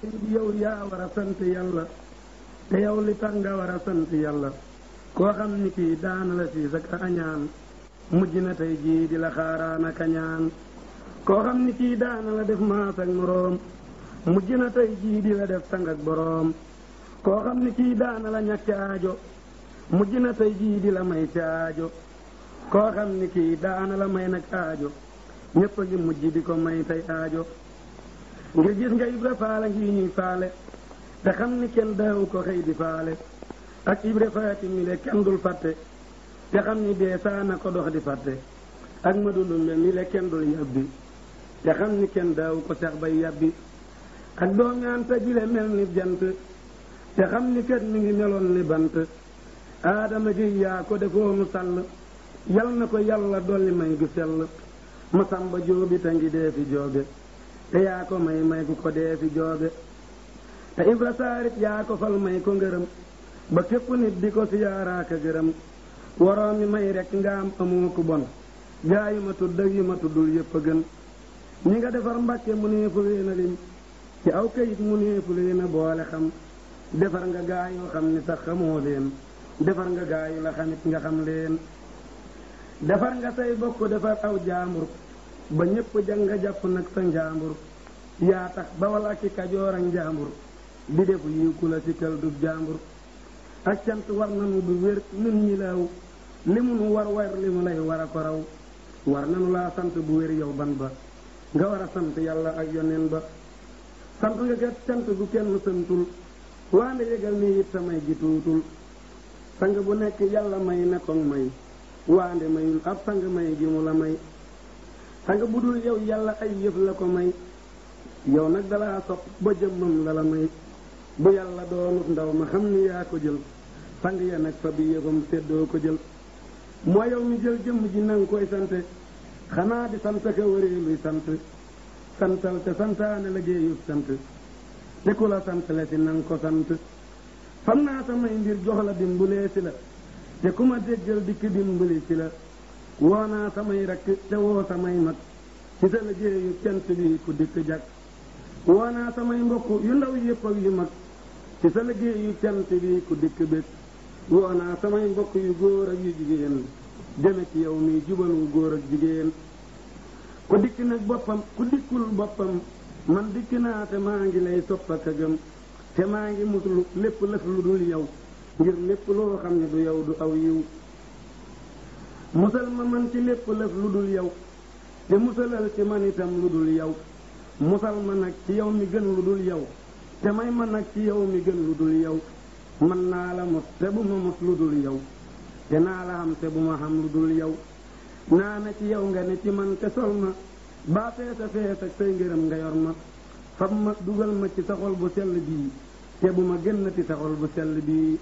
bi yow te yow li tax nga war a sant yàlla koo xam ni kii daana la siis ak añaan mujj na tey jii di la xaaraan ak añaan koo xam ni kii daana la def maas ak moroom mujj na tey jii di la def sang ak boroom koo xam ni kii daana la ñàkk aajo mujj na tey jii di la may ci aajo koo xam ni kii daana la may nag aajo ñépp a ngi mujj di ko may tey aajo ngir gis nga Ibra faala ngi ñuy faale te xam ni kenn daawu ko xëy di faale ak Ibra faati mi kenn dul fàtte te xam ni dee saa ko dox di fàtte ak madulumbe mi le kenn dul yàbbi te xam ni kenn daawu ko sax bay yàbbi ak doomaanta mel ni jant te xam ni kat mi ngi meloon ni bant aadama ji yaa ko defoonu sàll yal na ko yàlla dolli may gu sell masamba joobi ta ngi dee fi joobe te yaa ko may may ku ko dee fi joobe te if la saarit yaa ko fal may ko ngërëm ba képp nit di ko siyaaraaka gërëm waroon mi may rekk nga am amoo ku bon gaa yi ma tudd ak yi ma tuddul yépp a gën ñi nga defar mbàkke mu neefu leen a lim ci aw kayit mu neefu leen a boole xam defar nga gaa yoo xam ni sax leen defar nga gaa yu la xamit nga xam leen defar nga say bokk defar aw jaamur ba ñépp jàng jàpp nag sa njaambur yaa tax bawal ak i kajoor ak njaambur di def yiw ku la sikkal du jaambur ak cant war nanu du wér nun ñi li mu nu war war li mu lay war a ko raw war nanu laa sant bu wér yow ban ba nga war a sant yàlla ak yoneen ba sant nga gat sant gu kenn santul waande yëgal ni it samay gi tuutul sang bu nekk yàlla may nekkoon may waande mayul ab sang may gi mu la may sanga bu dul yow yàlla ay yëf la ko may yow nag dalaa sopp ba jëmmam la la may bu yàlla doonut ndaw ma xam ni yaa ko jël sang ya nag fa bi yëfam séddoo ko jël moo yow mi jël jëmm ji nanga koy sante xanaa di sant ka waree luy sant santal te santaane liggéeyu sant te ku la sant la si nanga ko sant fam naa samay ngir jox la dimbulee si la te ku ma déggal dikk dimbali si la woo naa samay rakk te woo samay mag ci sa liggéeyu cant bi ku dikk jag woo naa samay mbokk yu ndaw yëpp ak yu mag ci sa liggéeyu cant bi ku dikk bég samay mbokk yu góor ak ci yow mi jubalu góor ak jigéen ku dikk nag ku dikkul boppam man dikk naa te maa ngi lay topp ak a gëm te maa ngi muslu lépp lëf lu dul yow ngir lépp loo xam ne du yow du aw yiw musal ma man ci lépp lëf lu dul yow te musalal ci man itam lu dul yow musal ma nag ci yow mi gën lu dul yow te may ma nag ci yow mi gën lu dul yow man naa la mos te bu ma mos lu dul yow te naa la xam te bu ma xam lu dul yow naa na ci yow nga ne ci man te sol ma baa feesa fees ak say ngërëm nga yor ma fab ma dugal ma ci sa xol bu sell bii te bu ma génnati sa xol bu sell bii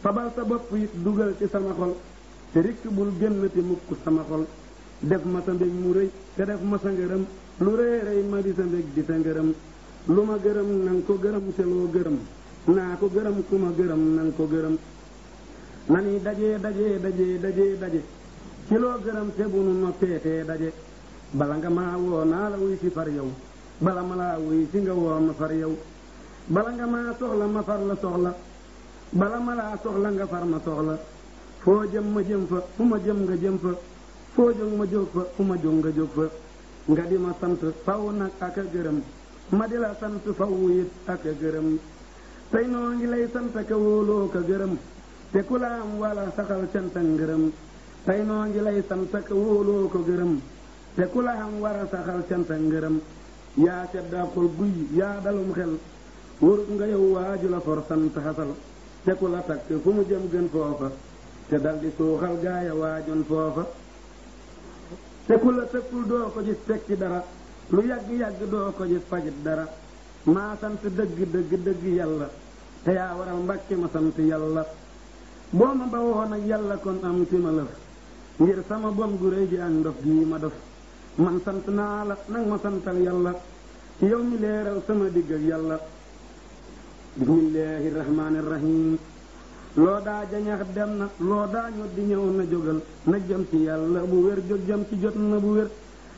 fabal sa bopp it dugal ci sama xol te ricc bul génn te mukk sama xol def ma sa mbég mu rëy te def ma sa ngërëm lu rëy rëy ma di sa mbég di sa ngërëm lu ma gërëm nan ko gërëm te loo gërëm naa ko gërëm ku ma gërëm nang ko gërëm na ni dajee dajee dajee daje ci loo gërëm te bu nu noppee tee daje bala nga maa woo naa la wuy si far yow bala ma laa wuy si nga woo ma far yow bala nga maa soxla ma far la soxla bala ma laa soxla nga far ma soxla foo jëm ma jëm fa fu ma jëm nga jëm fa foo jóg ma jóg fa fu ma jóg nga jóg fa nga di ma sant faw nag ak a gërëm ma di la sant faw it ak a gërëm tey noo ngi lay sant ka wóoloo ka gërëm te ku la am wala saxal cant ak ngërëm tey noo ngi lay sant ka wóoloo ko gërëm te ku la am war a saxal cant ak ngërëm yaa sedd ab guy yaa dalum xel warut nga yow waaju la for sant xasal te ku la takk fu mu jëm gën foofa te dal suuxal gaaya waajoon foofa te ku la doo ko gis teg dara lu yàgg-yàgg doo ko gis fajit dara maa sa dëgg dëgg dëgg yàlla te yaa waral mbàkke ma sant yàlla boo ma ba woon ak yàlla kon am ci ma ngir sama bom gu rëy gi ak ndof gii ma def man sant naa la nag ma santal yàlla yow mi leeral sama digg yàlla bismillahi loo daa jañax dem na loo daa ñot di ñëw na jógal na jëm ci yàlla bu wér jóg jëm ci jot na bu wér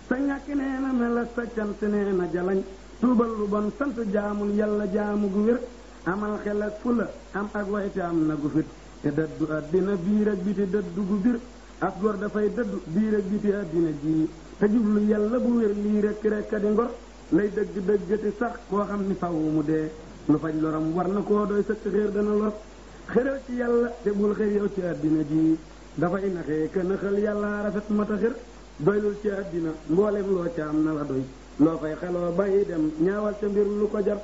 sa ñàkk nee na melas sa cant nee na jalañ tuubal lu bon sant jaamul yàlla jaamu gu wér amal xel ak fula am ak wayte na gu fit te dëddu àddina biir ak biti dëddu gu bir ak góor dafay dëddu biir ak biti àddina jii te jublu yàlla bu wér lii rekk rekk di ngor lay dëgg dëggati sax koo xam ni faw mu dee lu faj loram war na koo doy sëkk xéer dana lor xëral ci yàlla te bul xër yow ci àddina ji dafay naxee que naxal yàlla rafet mat a xër doylul ci àddina mboolem loo ca am na la doy loo fay xeloo bàyyi dem ñaawal ca mbir lu ko jar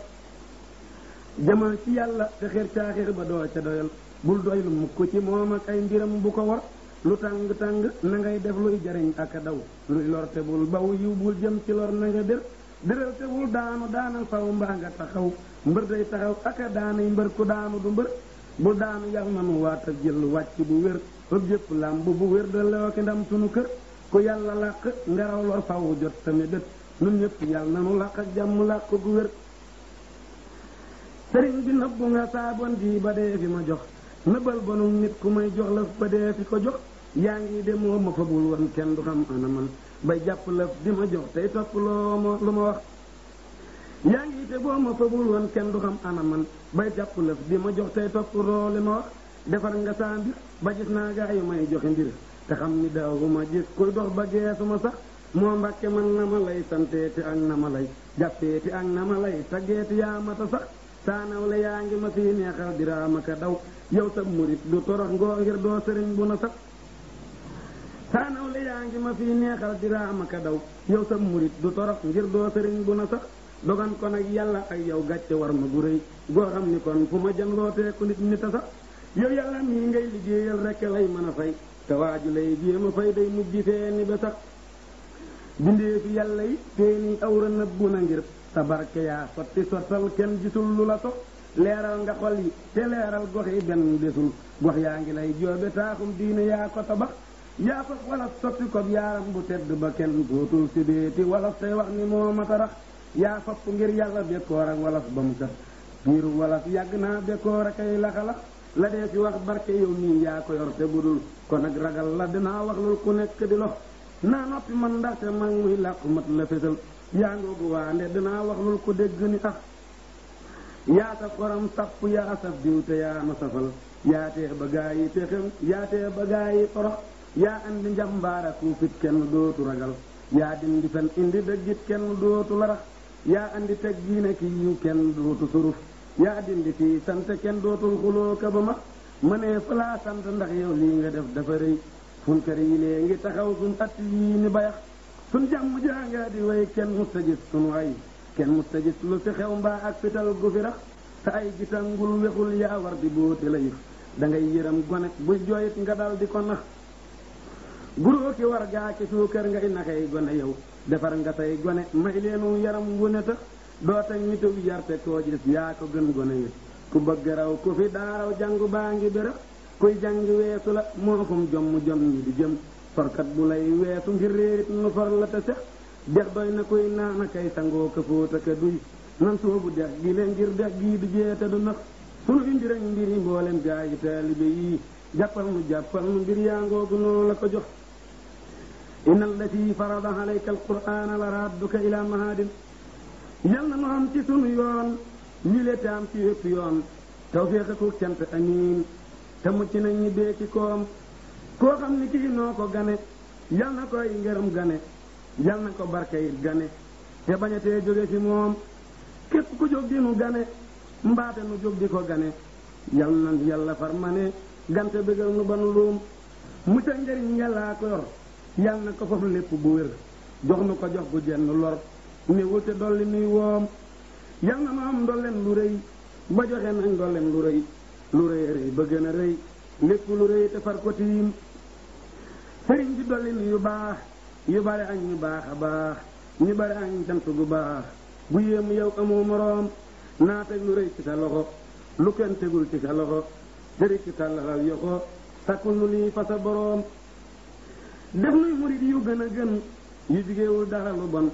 jamal ci yàlla te xër caa xër ba doo ca doyal bul doylu mukk ci moom ak ay mbiram bu ko war lu tàng-tàng na ngay def luy jariñ ak a daw luy lor te bul baw yiw bul jëm ci lor na nga dér déral te bul daanu daanal faw mbaa nga taxaw mbër day taxaw ak a daanay mbër ku daanu du bu daanu yàq nanu waata jël wàcc bu wér ëpp jëpp làmb bu wér da lewaki ndam sunu kër ku yàlla làkk ngelaw lor fawu jot tamit dët nun ñëpp yàlla nanu làq ak jàmm làq gu wér sëriñ bi nëbbu nga saabon di ba dee fi ma jox nëbal bonum nit ku may jox la ba dee fi ko jox yaa ngi demoo ma fabul woon kenn du xam ana man bay jàpp la di ma jox tey topp loo ma lu ma wax yaa ngi ite boo ma fabul woon kenn du xam ana man bay jàpp lëf di ma jox tey topp roole ma wax defar nga saa mbir ba gis naa gaa yu may joxe mbir te xam ni ma gis kuy dox ba geesuma sax moo mbàkke man na ma lay santeeti ak na ma lay jàppeeti ak na ma lay taggeeti yaa mata sax saanaw la yaa ngi ma fii neexal diraama ka daw yow sa murit du torox ngoo ngir doo sëriñ bu na sax saanaw la ngi ma fii daw yow sa murit du torox ngir doo sëriñ bu na sax dogan ko nag yàlla ay yow gàcce war ma gu rëy goo xam ni kon fu ma jëndootee ku nit ñi tasa yow yàlla mii ngay liggéeyal rekk lay mën a fay te waaju lay jéem a fay day mujj teeni ba sax bindee fi yàlla yi teeni a nëbbu na ngir sa barke yaa sotti sottal kenn gisul lu la so leeral nga xol yi te leeral gox yi benn desul gox yaa ngi lay joobe taaxum diine yaa ko tabax yaa ko wala sotti ko yaaram bu tedd ba kenn dootul si deeti wala say wax ni moo yaa fopp ngir yàlla bekkoor ak walaf ba mu sëf biiru walaf yàgg naa bekkoor ak ay laxala la dee fi wax barke yow nii yaa ko yor te budul kon ak ragal la dinaa wax lul ku nekk di lox naa noppi man ndaxte mag muy làqu mat la fésal yaa ngoogu waande dinaa wax lul ku dégg ni tax yaa saf xorom sapp yaa saf diw te yaa ma safal yaa tee ba gaa yi torox yaa andi njambaara ku fit kenn dootu ragal yaa dindi fen indi dëggit kenn dootu la yaa andi teggiine ki yiw kenn dootu suruf yaa dindi kii sant kenn dootul xuloo ka ba ma ma ne fa laa sant ndax yow lii nga def dafa rëy funkar yi lee ngi taxaw suñ att yii ni bayax suñ jàmm jaa nga di way kenn musta gis suñu ay kenn musta gis lu fi xew mbaa ak fital gu fi rax te ay gisangul wexul yaa war di bóote la yëf da ngay yëram gone bu jooyit nga dal di ko nax guroo ki war gaa ci suukar kër ngay kay gone yow defar nga tey gone may leenu yaram wu ne tax doo teg nitug yarte koo ci yaa ko gën gone yi ku bëgg raw ku fi daaraw jàngu baa ngi bérëb kuy jàngi weesu la moo fum jomm jom ñi di jëm forkat bu lay weesu ngir réerit nu for la te sex dex doy na kuy naana kay sangoo ka fóota ka duy nan soobu dex gi leen ngir dex gii du jeete du nax sunu indi rek mbiri mboolem gaa yi taalibe yii jàppal nu noonu la ko jox inna allati farada alayka alqur'ana la radduka ila mahadin yal na nu am ci sunu yoon ñu le taam ci yépp yoon tawféex ak cant amiin te mucc nañ ñi bee ci koom koo xam ni kii noo ko gane yal na koy ngërëm gane yal na ko barke gane te bañ a tee jóge ci moom képp ku jóg di nu gane mbaate nu jóg di ko gane yal na yàlla far ma ne gante bëggal nu ba nu luum mucc njëriñ yàllaa ko yàlla na ko faf lépp bu wér jox nu ko jox gu jenn lor néewul te dolli nuy woom yàlla na ma am ndolleen lu rëy ba joxe nañ ndolleen lu rëy lu rëy rëy ba gën a rëy lépp lu rëy te far ko tiim sëriñ bi dolli nu yu baax yu bare ak ñu baax a baax ñu bare ak ñu cant gu baax bu yéemu yow amoo moroom naa teg lu rëy ci sa loxo lu kenn tegul ci sa loxo jëri ci tàllaxal yoxo sakkul lii fa sa def nuy murid yu gën a gën yu jigéewul dara lu bon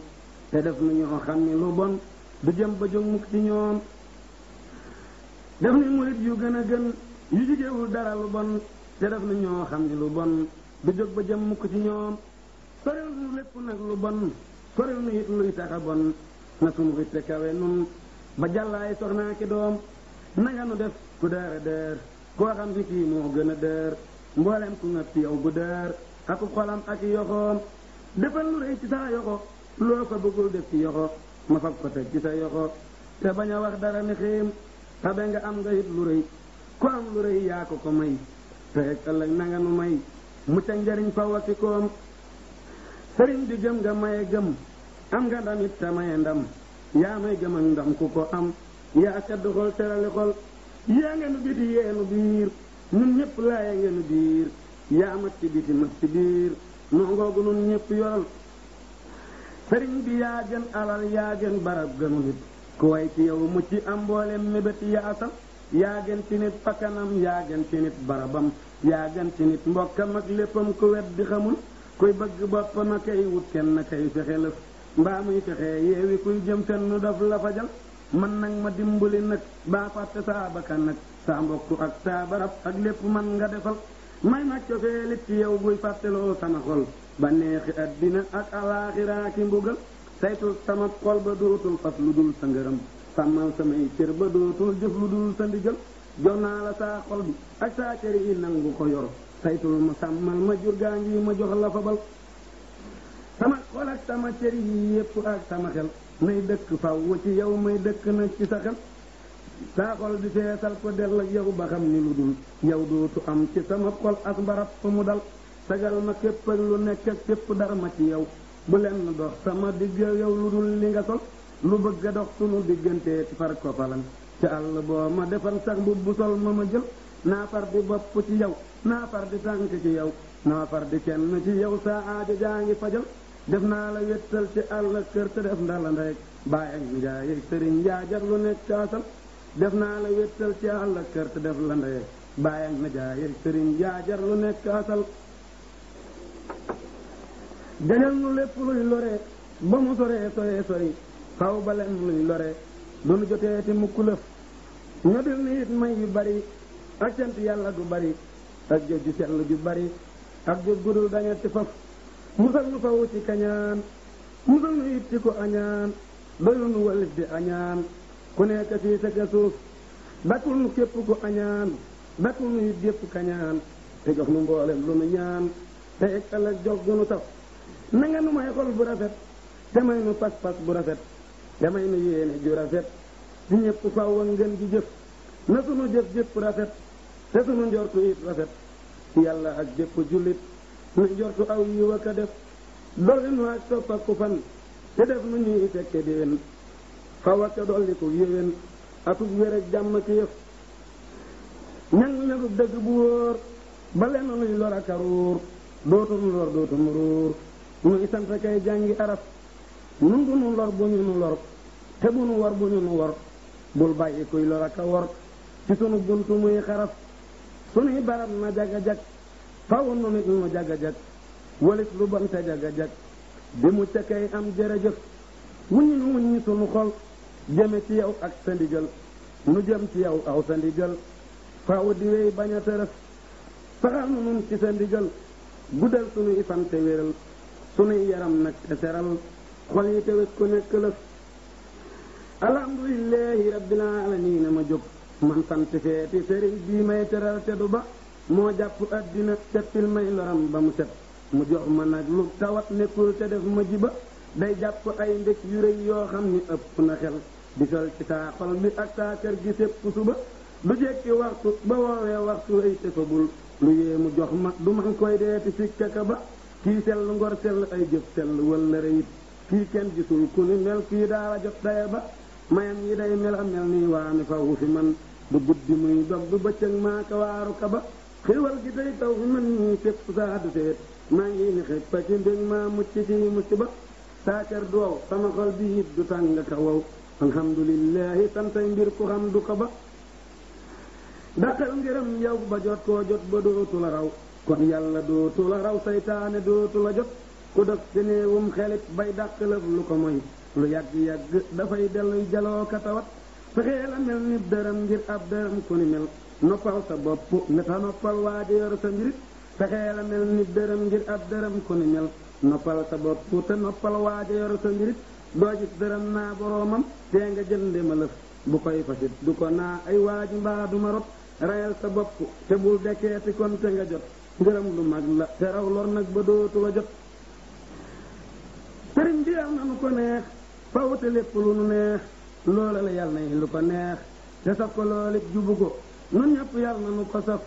te def nu ñoo xam ni lu bon du jëm ba jóg mukk ci ñoom def nuy murid yu gën a gën yu jigéewul dara lu bon te def nu ñoo xam ni lu bon du jóg ba jëm mukk ci ñoom soril nu lépp nag lu bon soril nu luy taxa bon na sunu witte kawe nun ba jàllaay soxnaa ki doom nanga nu def ku dëra dër koo xam ni kii moo gën a dër mboolem ku ngëpp yow bu dër ak xolam ak yoxoom defal lu rëy ci sa yoxo loo ko bëggul def ci yoxo ma fab ko teg ci sa yoxo te bañ a wax dara ni xiim tabe nga am nga lu rëy ku am lu rëy yaa ko ko may te eg ëllëg na nu may mucc ak njariñ fa wasikoom sëriñ bi gëm nga maye gëm am nga ndam it maye ndam yaa may gëm ak ndam ku ko am yaa sedd xol terali xol yaa nga nu biti biir ñun ñëpp laaye nga nu biir yaa ma ci biti ma ci biir noo ngoogu nun ñëpp yoral sëriñ bi yaa gën alal yaa gën barab gënu nit ku way ci yow mu ci am mboolem mébét ya asal yaa gën ci nit fakkanam yaa gën ci nit barabam yaa gën ci nit mbokkam ak léppam ku wet di xamul kuy bëgg boppam a kay wut kenn kay fexe lëf mbaa muy fexe yeewi kuy jëm fenn daf la fajal man nag ma dimbali nag baa fàtte saa bakkan nag saa mbokk ak saa barab ak lépp man nga defal may ma cofeelit ci yow guy fàtteloo sama xol ba neexi addina ak alaaxiraa ki mbugal saytu sama xol ba dootul fas lu dul sa ngërëm sàmmal samay cër ba dootul jëf lu dul sa ndigal jox la saa xol bi ak saa cër yi nangu ko yor saytul ma sàmmal ma jur gaa ngi ma jox la fabal sama xol ak sama cër yi yépp ak sama xel may dëkk faw ci yow may dëkk na ci sa xel saa xol di seetal ko dell ak yow ba xam ni lu dul ñaw dootu am ci sama xol as mbarab fa mu dal sagal ma képp ak lu nekk ak képp dara ma ci yow bu lenn dox sama digg yow lu dul li nga sol lu bëgg a dox sunu diggante far ko falan ca àll boo ma defal sax mbubb bu sol ma ma jël naa far di bopp ci yow naa di tànk ci yow naa far di kenn ci yow saa aajo jaa ngi fajal def naa la wéttal ci àll kër te def ndala ndey bàyyi ak njaay sëriñ njaajar lu nekk kaasal def naa la wéttal ci àll kër te def la ndey bàyyi ak najaay sëriñ jaajar lu nekk asal dañal nu lépp luy lore ba mu soree soree sori xaw ba leen luy lore du nu jotee ti mukk lëf ñodil ni it may yu bari ak sant yàlla gu bari ak jëf ju sell ju bari ak jëf gudul dañet ci faf musal nu fawu ci kañaan musal nu it ci ko añaan doyul nu walif di añaan ku nekk fii tëgg suuf batul képp ku añaan batul nu yit gépp kañaan te jox nu mboolem lu nu ñaan te egtal ak jox gu nu saf na nga nu may xol bu rafet te may nu pas-pas bu rafet te may nu yéene ju rafet ci ñëpp faw ak ngeen ji jëf na sunu jëf jëpp rafet te sunu njortu it rafet yàlla ak jëpp jullit nu njortu aw yiw ak a def dolli nu ak topp ak ku fan te def nu ñuy tekke déen fawa te dolliku yéwén akub wér ak jàmm ci yëf ñang lenub dëgg bu wóor ba lenn luy lor a ruur dootum lor dootum ruur nuy sant kay jàngi araf nun du nu bu ñu nu lor te bu nu bu ñu nu war bul bàyyi kuy lor ak a wor ci sunu buntu muy xaraf sunuy barab na jaga-jag faw nu nu jaga-jag lu bon te bi mu ca kay am jërëjëf wuññi nu wuññi sunu xol jëme ci yow ak sa ndigal nu jëm ci yow aw sa ndigal faaw di wéy bañ a tërëf saxal nu nun ci sa ndigal guddal sunuy fan wéral sunuy yaram nag te seral xol yi te wet nekk lëf alhamdulillahi rabbil alamina ma jóg man sant feeti sëriñ bii may teral te ba moo jàpp àddina seppil may loram ba mu set mu jox ma nag lu tawat nekkul te def ma jiba day jàpp ay ndëkk yu rëy yoo xam ni ëpp na xel di sol ci saa xol mi ak saa kër gi sépp suba lu jekki waxtu ba woowee waxtu ay tëfabul lu yéemu jox ma du man koy deeti sikkaka ba kii sell ngor sell ay jëf sell wala reyit kii kenn gisul ku ni mel kii daala jot daya ba mayam yi day mela mel nii waa mi faw fi man du guddi muy dog du bëccëg maaka waaru ka ba xéwal gi day taw fi man ñii fépp saa du teet maa ngi ni xëj ci mbég maa mucc ci mucc ba saa kër du wow sama xol bi it du tàng ka wow alhamdulillahi santay mbir ku xam du ko ba daqal ngërëm yow ba jot koo jot ba dootu la raw kon yàlla dootu la raw saytaane dootu la jot ku dog si xelit bay dàqalëf lu ko moy lu yàgg-yàgg dafay delluy jaloo katawat fexee la mel ni dërëm ngir ab dërëm ku ni mel noppal sa bopp neta noppal waa di sa mbirit fexee la mel ni dërëm ngir ab dërëm ku ni mel noppal sa bopp te noppal waa di sa mbirit doo gis dërëm naa boroomam tee nga jënde ma lëf bu koy fasit du ko naa ay waaji mbaa duma rot rayal sa bopp te bul dekkeeti kon te nga jot ngërëm lu mag la te raw lor nag ba dootu la jot sëriñ bi am nanu ko neex fawte lépp lu nu neex loola la yàlla nay lu ko neex te saf ko loolit jubu ko nun ñëpp yàlla nanu ko saf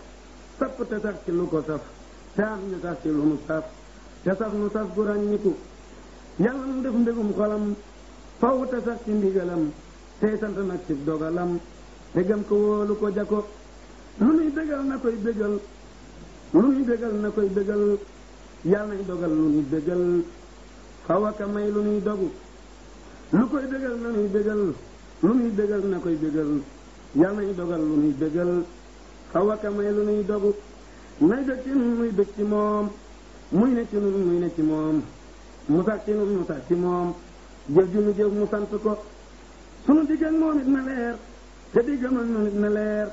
sapp te sax ci lu ko saf te ñu sax ci lu nu saf te saf nu saf gu ràññiku yàlla mu def mbégum xolam faw te sax ci ndigalam tey sant nag ci dogalam te gëm ko wóolu ko jako lu nuy bégal na koy bégal lu nuy bégal na koy bégal yàlla dogal lu nuy bégal faw aka may lu nuy dogu koy bégal na nuy bégal lu na koy bégal yàlla dogal lu nuy bégal faw aka may lu nuy nay bég ci nun muy bég ci moom muy ne ci nun muy ne ci moom musakkinu Musa ci moom jëf ju nu jëf mu sant ko sunu digg ak moom it na leer te diggam ak moom it na leer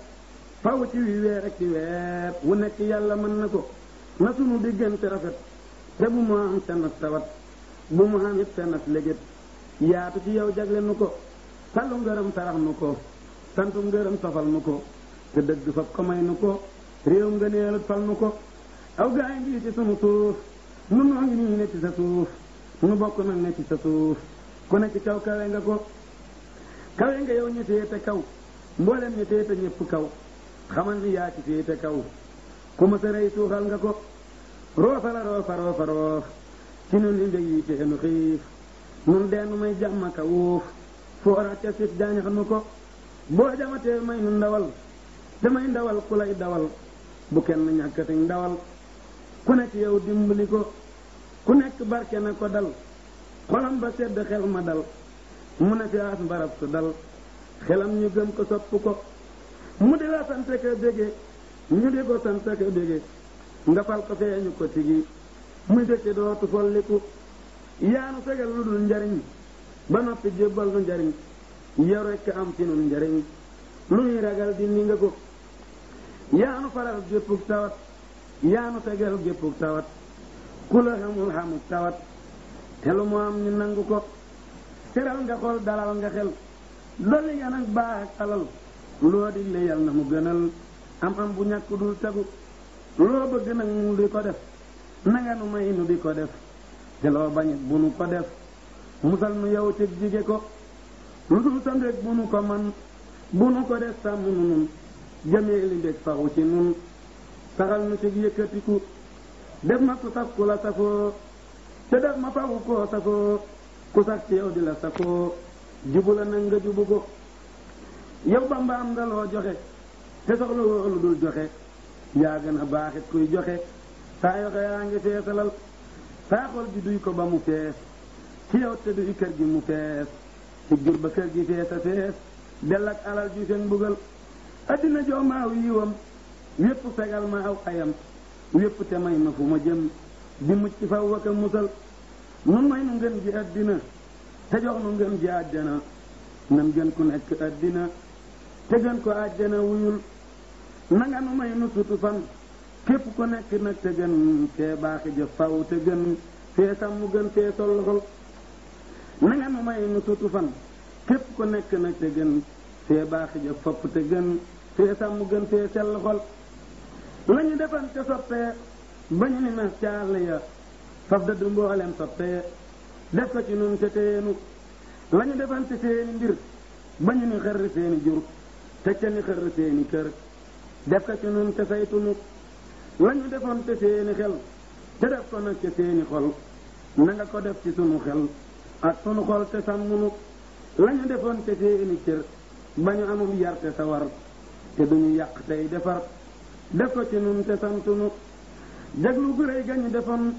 faw ci wi weer ak ci weer wu nekk yàlla mën na ko na sunu diggante rafet te bu mu am seen ak tawat bu mu am it seen ak yaatu ci yow jagle nu ko sallu ngërëm tarax nu ko santu ngërëm sofal nu ko te dëgg fab ko may nu ko réew nga neelut fal nu ko aw gaa yi ci sunu suuf mun noo nii ne ci sa suuf nu bokk na ne ci sa suuf ku ne ci kaw kawe nga ko kawe nga yow ñu féete kaw mboolem ñu féete ñëpp kaw xamal yaa ci féete kaw ku ma sa rey suuxal nga ko roofa a roofa roofa roof ci nun li ndég yi ci enu xiif nun deenu may jàmma ka wuuf foora ca sif jaañax nu ko boo jamatee may nu ndawal te may ndawal ku lay dawal bu kenn ñàkkatiñ ndawal ku ne ci yow dimbali ko ku nekk barke na ko dal xolam ba sedd xel ma dal mu ne fi as mbarab dal xelam ñu gëm ko sopp ko mu di la sant ka bége ñu di ko sant ka bége nga fal ko feeñu ko tigi muy dëkke dootu folliku yaanu fegal lu dul njariñ ba noppi jébbal nu njariñ yow rekk am ci nun njariñ lu ñuy ragal di ni nga ko yaanu faral géppug tawat yaanu fegal géppug tawat ku la xamul tawat te lu mu am ñu nangu ko teral nga xol dalal nga xel dolli nga nag baax ak alal loo digle yal na mu gënal am am bu ñàkk dul tagu loo bëgg nag mu di ko def nanga nu may nu di ko def te loo bañit bu nu ko def musal nu yow ci jige ko lu dul sa ndég bu nu ko man bu nu ko def sàmm nu nun li ndég faxu ci nun saxal nu ci yëkkatiku def ma ku sax ku la safoo te def ma fawu koo safoo ku sax ci yow di la safoo jubu la nag nga jubu ko yow Bamba am nga loo joxe te soxla woo lu dul joxe yaa gën baaxit kuy joxe saa yoxe yaa ngi feesalal saa xol ji duy ko ba mu fees ci yow te duy kër gi mu fees ci jur ba kër gi fees fees dell ak alal ji seen bugal addina joo yiwam wépp fegal ma aw ayam yépp te may na fu ma jëm di mucc faw waka musal nun may nu ngeen ji addina te jox nu ngeen ji àjjana nan gën ku nekk addina te gën ko àjjana wuyul nanga nu may nu sutu fan képp ko nekk nag te gën fee baaxi jëf faw te gën fee sàmm gën fee na nanga nu may nu sutu fan képp ko nekk nag te gën fee baaxi jëf fopp te gën fee sàmm gën fee sell xol lañu defan te soppee ba ñu ni mes caal ya faf dëdd mboolem soppee def ko ci nun te teenu lañu defan te seeni mbir ba ñu ni xërr seeni jur te ca ni xërr seeni kër def ko ci nun te saytunu lañu defoon te seeni xel te def ko nag ca seeni xol na nga ko def ci sunu xel ak sunu xol te sàmmunu lañu defoon te seeni cër ba ñu amum yar te sawar te duñu yàq tey defar def ko ci nun te santunu jaglu gu rëy gañu defoon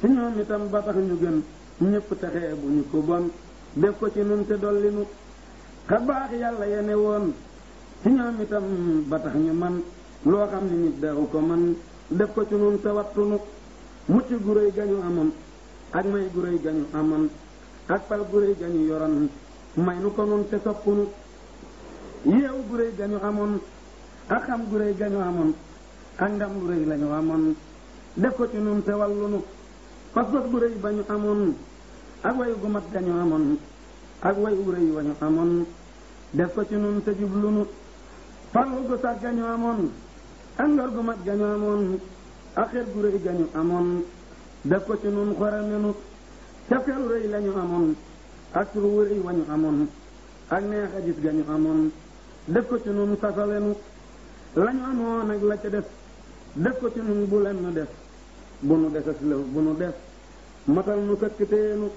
ci ñoom itam ba tax ñu gën ñëpp texee bu ñu ko bon def ko ci nun te dollinu xa baax yàlla yene woon ci ñoom itam ba tax ñu man loo xam ne nit daaw ko man def ko ci nun te wattunu mucc gu rëy gañu amoon ak may gu gañu amoon ak pal gu rëy gañu yoroon may nu ko nun te soppunu yeewu gu gañu amoon ak xam gu gañu amoon ak ndam lu rëy lañu amoon def ko ci nun te wallunu pas-pas bu rëy ba ñu amoon ak wayu gu mat gañu amoon ak wayu rëy wa ñu amoon def ko ci nun te jublunu farlu gu sax gañu amoon ak ngor gu mat gañu amoon ak xel gu rëy gañu amoon def ko ci nun xoramenu cafkeelu rëy lañu amoon ak suru wu rëy wa ñu amoon ak neex a gis gañu amoon def ko ci nun sasalenu lañu amoon ak la ca def def ko ci nun bu leen nu def bu nu desas lëf bu nu def matal nu këkk teenu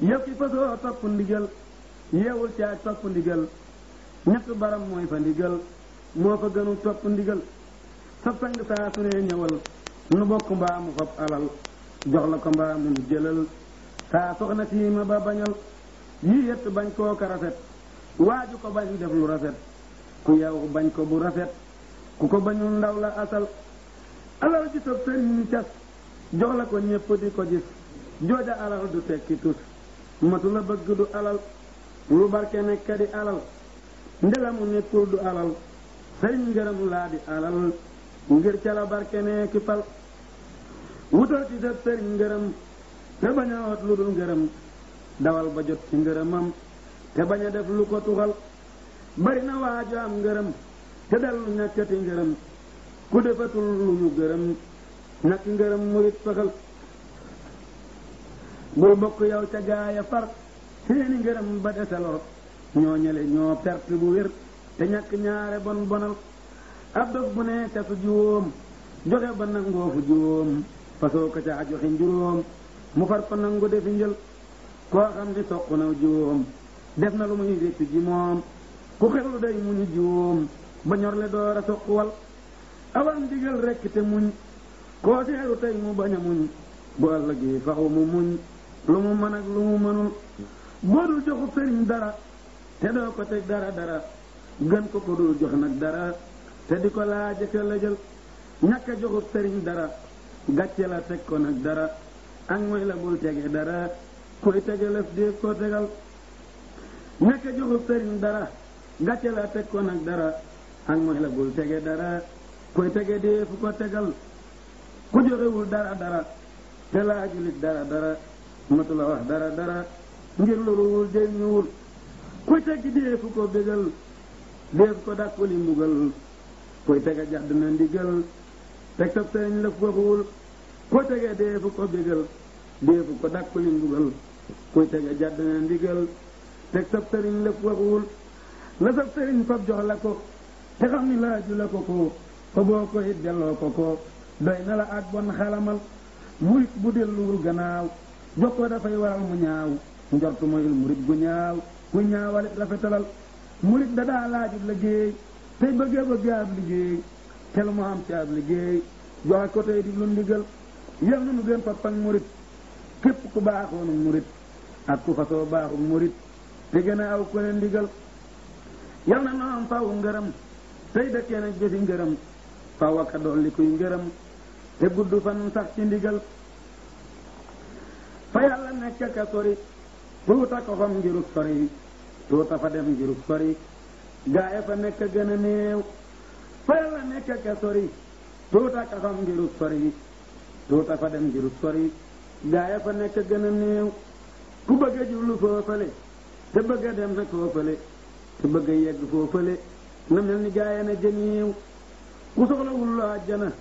yëkki fasoo topp ndigal yeewul caaj topp ndigal ñett baram mooy fa ndigal moo fa gënul topp ndigal sa sang saa su ne ñëwal nu bokk mbaamu xob alal jox la ko mbaamu nu jëlal saa soxna sii ma ba bañal yii yett bañ koo ko rafet waaju ko bañ def lu rafet ku yow bañ ko bu rafet ku ko bañul ndaw la asal alal ji toog sëriñ cas jox la ko ñëpp di ko gis jooja alal du tekki tus matu la bëgg du alal lu barke nekk di alal ndelamu nekkul du alal sëriñ ngërëm laa di alal ngir ca barke nekki fal wutal ci sa sëriñ ngërëm te bañ a lu dul ngërëm dawal ba jot ci ngërëmam te bañ def lu ko tuxal bari na waaju am ngërëm te dellu nekkati ngërëm ku defatul lu ñu gërëm nak ngërëm murit fëxal bul bokk yow ca gaaya far seeni ngërëm ba desalor ñoo ñële ñoo perte bu wér te ñàkk ñaare bon bonal ab dog bu ne tasu juróom joxe ba nangoo fu juróom fasoo ko ca joxe juróom mu far ko nangu defi njël koo xam ni soq na juróom def na lu muy réccu ji moom ku xelu day mu ñu juróom ba ñorle door a soq wal awal ndigal rekk te muñ koo seeru tey mu bañ a muñ bu ëllëgee faxu mu muñ lu mu mën ak lu mu mënul boo dul joxub sëriñ dara te doo ko teg dara dara gën ko ko dul jox nag dara te di ko laa ka la jël ñàkk a joxub sëriñ dara gàcce la teg ko nag dara ak moy la bul tege dara koy tegalef dee ko tegal ñàkk a joxub sëriñ dara gàcce la teg ko nag dara ak mu ne la bul tege dara koy tege dee fu ko tegal ku joxewul dara dara te laajulit dara dara matu la wax dara dara ngir loruwul jëriñuwul ku teg dee fu ko bégal dee ko dàkkuli mbugal koy tege jàdd na ndigal teg tab sëriñ la waxuwul ku tege dee ko bégal dee ko dàkkuli mbugal kuy tege jàdd na ndigal teg sab sëriñ lépp waxuwul la sab sëriñ jox la ko te xam ni laaju la ko ko fa boo ko it delloo ko ko doy na la ak bon xalamal murit bu delluwul gannaaw jokkoo dafay waral mu ñaaw njortu moyul murit gu ñaaw ku ñaawalit rafetalal murit da daa laajut liggéey tey bëggee bëggee ab liggéey te lu mu am liggéey joxe ko tey di lu ndigal yal na nu gën fa pang murit képp ku baaxoonu murit ak ku fasoo baaxu murit te gën a aw ko leen na nu am faw ngërëm tey dëkkee nag jëfi ngërëm fa wakka doon li kuy ngërëm te gudd fan sax ci ndigal fa yàlla nekk ka sori tuuta ko fam ngirug sori tuuta fa dem ngirug sori gaaye fa nekk gën néew fa yàlla nekk ka sori tuuta ka fam ngirug sori tuuta fa dem ngirug sori gaaye fa nekk gën néew ku bëgg a jublu foofale te bëgg a dem nag foofale te bëgg a yegg foofale na mel ni gaaya na jën yiw ku soxlawul lu àjjana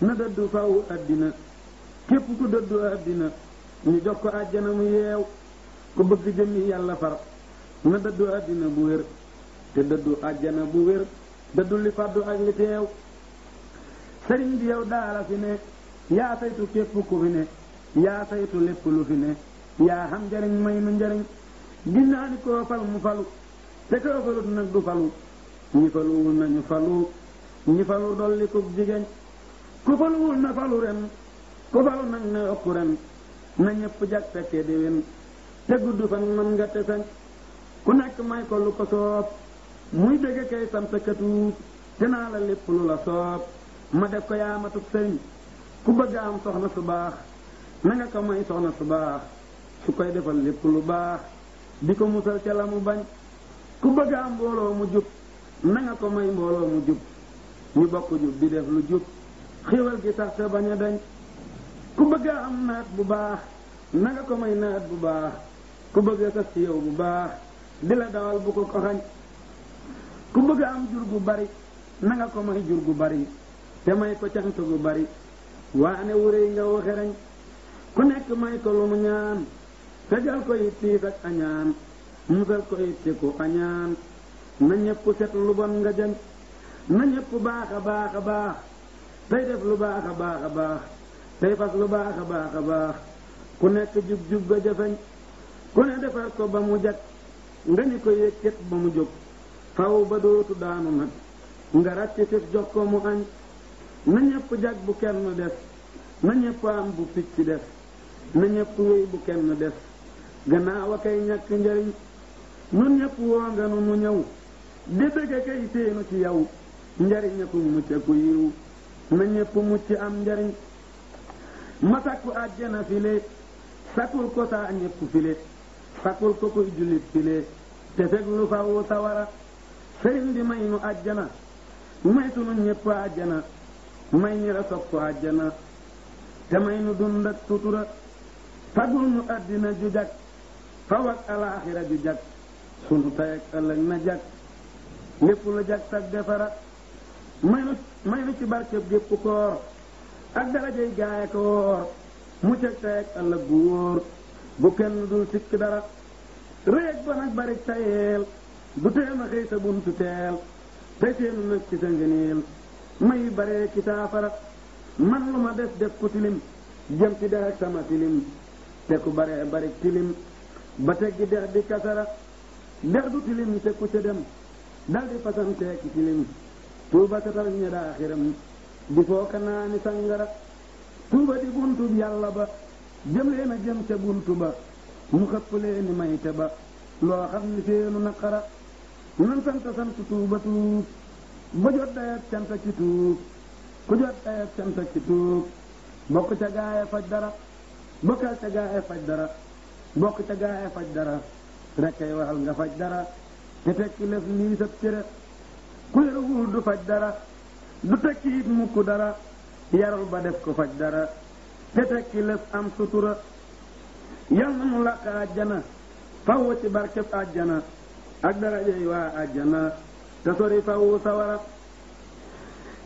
na dëddu fawu àddina képp ku dëddu àddina ñu jox ko àjjana mu yeew ku bëgg jëmmi yàlla far na dëddu àddina bu wér te dëddu àjjana bu wér dëddu li fàddu ak li teew sëriñ bi yow daala fi ne yaa saytu képp ku fi ne yaa saytu lépp lu fi ne yaa xam njariñ may nu njariñ ginnaa ni koo fal mu falu te koo falut nag du falu ñi faluwul na ñu falu ñi falu dolli ko jigéen ku faluwul na falu ren ku falu nag na ëpp ren na ñëpp jag fekkee déwén te gudd fan man nga te sañ ku nekk may ko lu ko soob muy dégg kay sant katuub te naa la lépp lu la soob ma def ko yaamatub sëriñ ku bëgg am soxna su baax na ko may soxna su baax su koy defal lépp lu baax di ko musal ca la mu bañ ku bëgg am mbooloo mu jub na nga ko may mbooloo mu jub ñu bokk jub di def lu jub xéewal gi sax te bañ a dañ ku bëgg a am naat bu baax na ko may naat bu baax ku bëgg a sas ci yow bu baax di la dawal bu ko ko xañ ku bëgg a am jur gu bari na ko may jur gu bari te may ko cant gu bari waane wure yi nga waxe rañ ku nekk may ko lu mu ñaan sajal ko it tiis ak añaan musal ko ci ku añaan na ñëpp set lu bon nga jël na ñëpp baax a baax a baax tey def lu baax a baax a baax tey fas lu baax a baax a baax ku nekk jub-jub ga jafeñ ku ne defar ko ba mu jag nga ni ko yëkkat ba mu jóg faw ba dootu daanu nag nga ràcc fif jox ko mu añ na ñëpp jag bu kenn des na ñëpp am bu picc des na ñëpp wéy bu kenn des gannaaw a kay ñàkk njariñ nun ñëpp woo nga nu mu ñëw di bëgg kay ci yow njariñ ku mucc ku yiw am njariñ ma sakku àjjana file sakul ko saa ñëpp file sakul ko kuy jullit file te seglu fawu sawara sëriñ may nu àjjana may sunu ñëpp àjjana may ñi ra sopp àjjana te may nu dund ak sutura fagul nu àddina ju jag fawak alaaxira ju jag sunu tayek ëllëg na jag lépp lu jag sag defara may nu may nu ci barkeb gépp koor ak darajay gaaya ko mu ceg tayeg ëllëg bu wóor bu kenn dul sikk dara réeg ba nag bari tayeel du tee na xëy sa buntu teel tey teenu nag ci sa ngëneel may baree ci man lu ma def def ku tilim jëm ci dex ak sama tilim te ku baree bari tilim ba teggi dex di kasara dex du tilim te ku ca dem dal di fasanteeg tilim tuuba satal ña daa xiram di fooka naa ni sangara tuuba di buntub yàlla ba jëm leen a jëm ca buntu ba mu xëpp leen ni mayte ba loo xam ni na naqara nan sant sant tuuba tuub ba jot dayat canta ci tuub ku jot dayat canta ci tuub bokk ca gaaye faj dara bokkal ca gaaye faj dara bokk ca gaaye faj dara rekkay waxal nga faj dara te tekki lef lii sa cere ku yaruwul du faj dara du tekki it mukk dara yarul ba def ko faj dara te tekki lef am sutura yal na nu làq àjjana faw ci barkeb àjjana ak darajey waa àjjana te sori faw sawara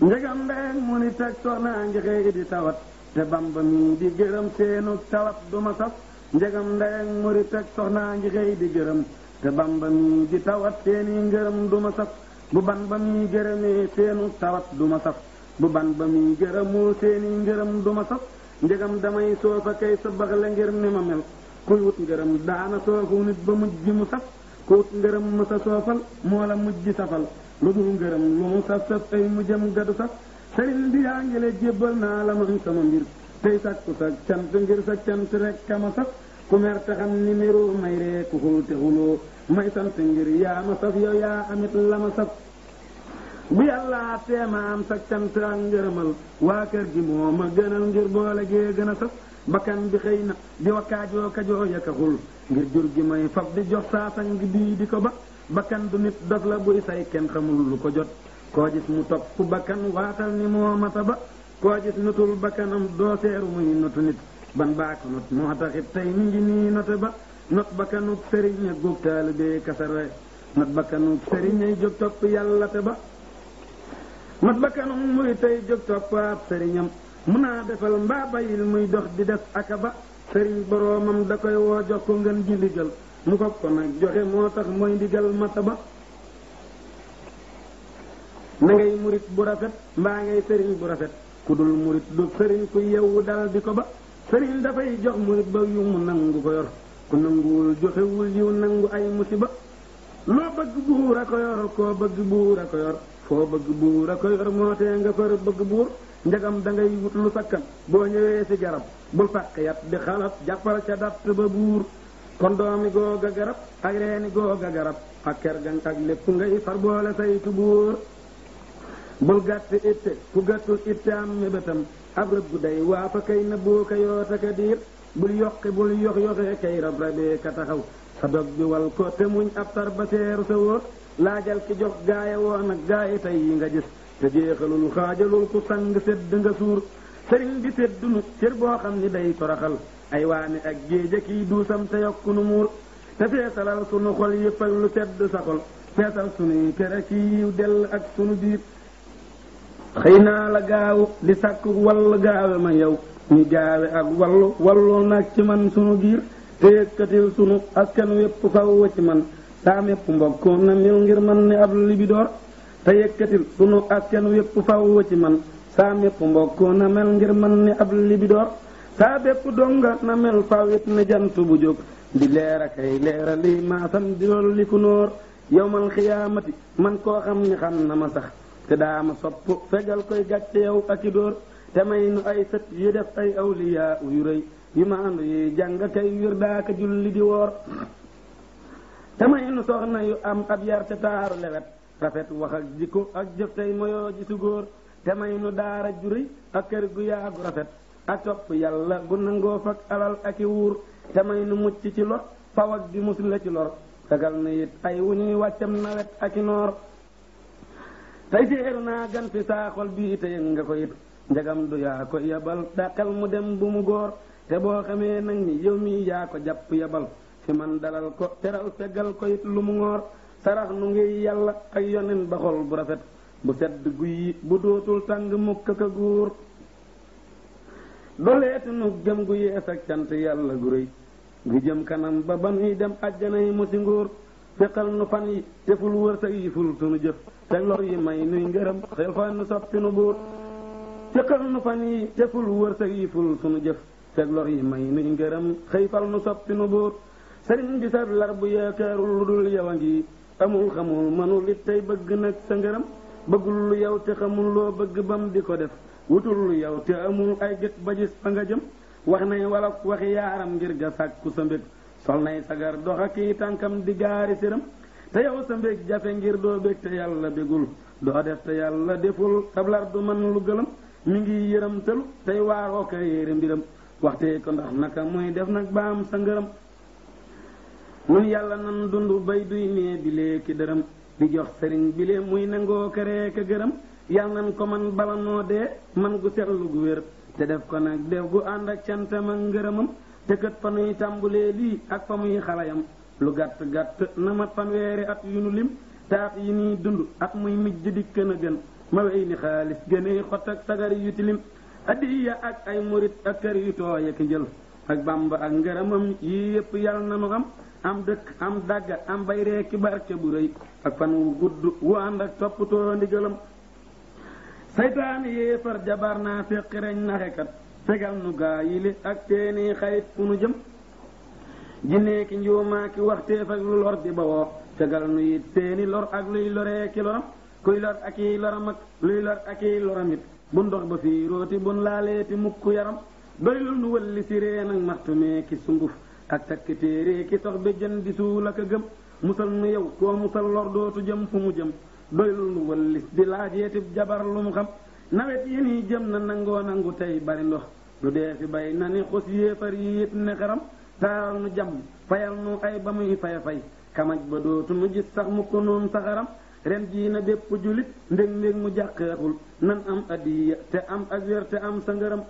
njegam ndeyeg mu ni teg soxna njexee di tawat te bamba mi di gërëm seenu tawat du ma saf njegam ndeyeg mu ni teg soxna njexee di gërëm te bamba mi di tawat seeni ngërëm du ma saf bu ban ba mi gërëmee seenu tawat du ma saf bu bamba mi gërëmoo seeni ngërëm du ma saf ndegam damay soofa kay sa bax la ngir ni ma mel kuy wut ngërëm daana soofu nit ba mujj mu saf ku wut ngërëm mu sa soofal moo la mujj safal lu dul ngërëm lu mu saf saf ay mujjam gadu saf sëriñ bi yaa ngi lay jébbal naa la man sama mbir tey sàkku sa cant ngir sa cant rek kama saf ku mer ni meru may ree xul te xuloo may sant ngir yaa ma saf yow yaa amit la ma saf bu yàlla teema am sa cant ak ngërëmal waa kër gi moo ma gënal ngir boole gee gën saf bakkan bi xëy na di wa kaajoo kajoo ngir jur gi may faf di jox saasang bii di ko ba bakkan du nit dof la buy say kenn xamul lu ko jot koo mu topp bakkan waatal ni moo mata ba koo gis nutul bakkanam doo muy nutu nit ban baa ko not moo taxit tey mi ngi nii note ba not ba kanuk sëriñ ak góob taalibe kasare not ba kanuk sëriñ ay jóg topp yàlla te ba not ba kanuk muy tey jóg topp ab sëriñam mun naa defal mbaa bayil muy dox di def aka ba sëriñ boroomam da koy woo jox ko ngën ji ndigal mu ko ko nag joxe moo tax mooy ndigal mata ba na ngay murit bu rafet mbaa ngay sëriñ bu rafet ku dul murit du sëriñ ku yewwu dal di ko ba sëriñ dafay jox murit ba yu mu nangu ko yor ku nanguwul joxewul yiw nangu ay musiba loo bëgg buur a ko yor koo bëgg buur a ko yor foo bëgg buur a ko yor moo tee nga far bëgg buur njagam da ngay wut lu sakkan boo ñëwee ci garab bul fàq yat di xalat jàppal ca datt ba buur kon doomi googa garab ak reeni googa garab ak ker gang ak lépp ngay far boole saytu buur bul gàtt itte ku gàttul itte am mébétam ab rëbb day waa fa kay nëbboo ka yootaka diir bul yoqi bul yox yoxee kay rab rabee ka taxaw sa dog bi wal ko te muñ ab tar ba seeru sa wóor laajal ki jox gaaya woon ak gaaya tey yi nga gis te jeexalul xaajalul ku sang sedd nga suur sëriñ bi seddunu cër boo xam ni day toraxal ay waane ak géeja kiy duusam te yokku nu muur te feesalal sunu xol yëpp ak lu sedd sa xol feesal sunuy kere ki yiw dell ak sunu biir xëy naa la gaaw di sàkku wall gaawe ma yow ñu gaawe ak wallu walloo nag ci man sunu giir te yëkkatil sunu askan wépp fawwa ci man saa mépp mbokkoon na ngir man ne ab libidoor te yëkkatil sunu askan wépp fawwa ci man saa mépp mbokkoon na mel ngir man ni ab libidoor saa bépp donga na mel fawit ne jant bu jóg di leer a kay leera li maasam di loolu li ku xiyaamati man koo xam ni xam na ma sax te daama sopp fegal koy gàcce yow ak i dóor te may nu ay sët yu def ay awliya yu rëy yu maandu yuy jàng kay wir daaka julli di woor te may nu soxna yu am ab yar te taaru lewet rafet wax ak jikko ak jëf tey moyoo ji su góor te may nu daara ju ak kër gu yaagu rafet ak topp yàlla gu nangoo fak alal ak i wuur te may nu mucc ci lor pawak di musula ci lor fegal na it ay wu ñuy wàccam nawet ak i noor tey séer naa gan fi saa xol bii te nga ko it njagam du yaa yabal dàqal mu dem bu mu góor te boo xamee nag ni yow mii yaa ko jàpp yabal fi man dalal ko teral fegal ko it lu mu ngoor sarax nu ngi yàlla ak yonin ba xol bu rafet bu sedd guy bu dootul tàng mukk ka góor doleeti nu gëm gu yees ak cant yàlla gu rëy gu jëm kanam ba ba nuy dem àjjana yi mu si nguur feqal nu fan yi te ful wërsëg yi ful sunu jëf teg lor yi may nuy ngërëm xel xool nu soppi nu buur sëqal nu yi jëful wërsëg yi ful lor yi may nuy ngërëm xëy fal nu soppi nu buur sëriñ bi sab lar bu yaakaarul lu dul yow a ngi amul xamul mënul it tey bëgg nag sa ngërëm bëggul lu yow te xamul loo bëgg bam di ko def wutul lu yow te amul ay gët ba gis fa nga jëm wax nay wala waxi yaaram ngir ga sàkku sa mbég sol nay sagar dox ak i tànkam di gaari séram te yow sa mbég jafe ngir doo bég te yàlla bégul doo def te yàlla deful tablar du man lu gëlëm mu ngi yërëm tëlu tey waaroo ka yére mbiram waxte ko ndax naka muy def nag ba am sa ngërëm mun yàlla nan dund bay duy nee bilee ki dërëm di jox sëriñ bile muy nangoo këree ka gërëm yàlla nan ko man bala noo dee man gu setlu gu wér te def ko nag def gu ànd ak cantam ak ngërëmam te kët fa nuy tàmbulee lii ak fa muy xalayam lu gàtt gàtt na mat fanweeri at yu nu lim taat yi nii dund at muy mijj dikk na gën ma wey ni xaalis gënee xot ak sagar yu tilim addiya ak ay murit ak kër yu tooy ak jël ak bamba ak ngërëmam yii yépp yàlla na nu am am dëkk am dagga am bay reeki barke bu rëy ak fan wu gudd wu ànd ak toppatoo ndigalam saytaani yéefar jabar naa féqi reñ naxekat fegal nu gaayili ak teeni xayit fu nu jëm jinne ki njuuma ki waxteef ak lu lor di bawoo fegal nu it seeni lor ak luy loree loram kuy lor ak i loram ak luy lor ak i bu ndox ba fii rooti bun laaleeti mukk yaram bari lu nu wëlli si nag ak ki sunguf ak takk téere ki sox be jën di suul ak a gëm musal nu yow koo musal lor dootu jëm fu mu jëm bari lu nu wëlli di laajeeti jabar lu mu xam nawet yi nii jëm na nangoo nangu tey bari ndox lu dee fi bay na ni xos yéefar yi ne xaram teral nu jàmm fayal nu ay ba muy fay fay kamaj ba dootu nu gis sax mu ko noon saxaram ren jii na bépp julit ndég ndég mu jàqeexul nan am adiya te am ak wér te am sa ngërëm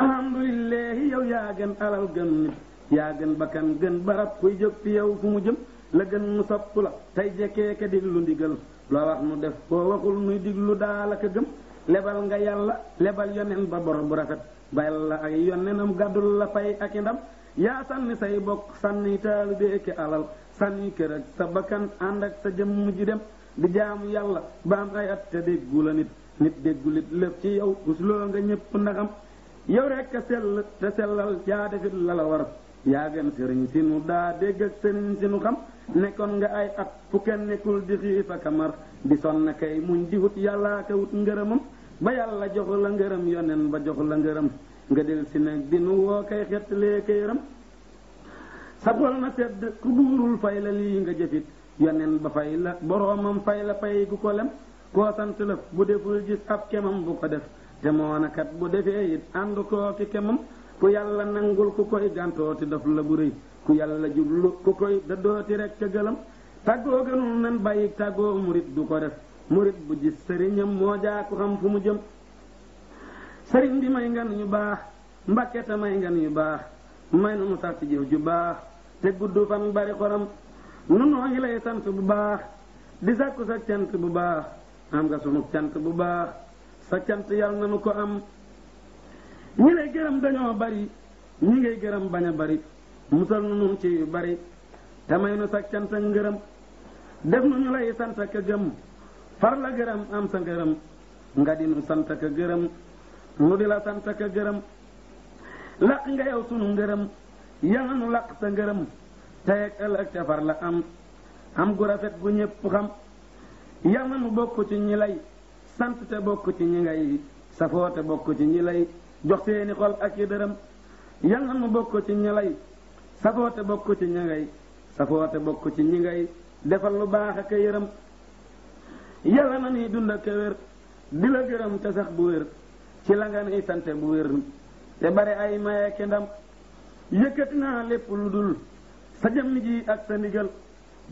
alhamdulilahi yow yaa gën alal gën nit yaa gën bakkan gën barab kuy jóg fi yow fu mu jëm la gën mu sopp la tey jekkeeke diglu ndigal loo wax nu def boo waxul nuy diglu daal ak a gëm lebal nga yàlla lebal yonen ba bor bu rafet bayal la ay yonnenam gàddul la pay ak i ndam yaa sànni say bokk sànni taalibee ki alal sànni kër ak sa bakkan ànd ak sa jëmm ji dem di jaamu yàlla ba am ay at te déggu la nit nit déggulit lépp ci yow rusloo nga ñépp ndaxam yow rekk a sell te sellal yaa defit la la war yaa gën sëriñ si nu daa dégg ak sëriñ si nu xam nekkoon nga ay at fu kenn nekkul di xiif ak mar di sonn kay muñ di wut yàllaa ka wut ngërëmam ba yàlla jox la ngërëm yonen ba jox la nga del si nag bi nu woo kay xettalee kay ram sabol na sedd ku buurul fay la lii nga jëfit yonen ba fay la boroomam fay la fay gu ko lem koo sant la bu deful gis ab kemam bu ko def te moonakat bu defee it ànd koo ki kemam ku yàlla nangul ku koy gàntooti daf la bu rëy ku yàlla jublu ku koy dëddooti rek ca gëlam tàggoo gënul nan bàyyi tàggoo murit du ko def murit bu gis sëriñam moo jaa ku xam fu mu jëm sëriñ bi may ngan yu baax mbàkke te may ngan yu baax may nu mu sàkk jëf ju baax te gudd fan bari xoram nu noo ngi lay sant bu baax di sàkku sa cant bu baax am nga sunu cant bu baax sa cant yàlla na nu ko am ñi lay gërëm dañoo bari ñi ngay gërëm bañ a bari musal nu nun ci yu bari te may nu sa cant ak ngërëm def nu ñu lay sant ak gëm far la gërëm am sa ngërëm nga di nu sant ak gërëm nu di la sant ka gërëm laq nga yow sunu ngërëm yàlla nu laq sa ngërëm tey ak ëllëg ca la am am gu rafet gu ñëpp xam yàlla nu bokk ci ñi sant te bokk ci ñi ngay safoo te bokk ci ñi lay jox seeni xol ak yi dërëm bokk ci ñi lay safoo ci ñi ngay safoo te ci ñi ngay defal lu baax ak a yërëm yàlla na ni dund ak wér di la gërëm te sax bu wér ci la nga sante bu wér te bare ay maye ki ndam yëkkati naa lépp lu dul sa jëmm ji ak sa ndigal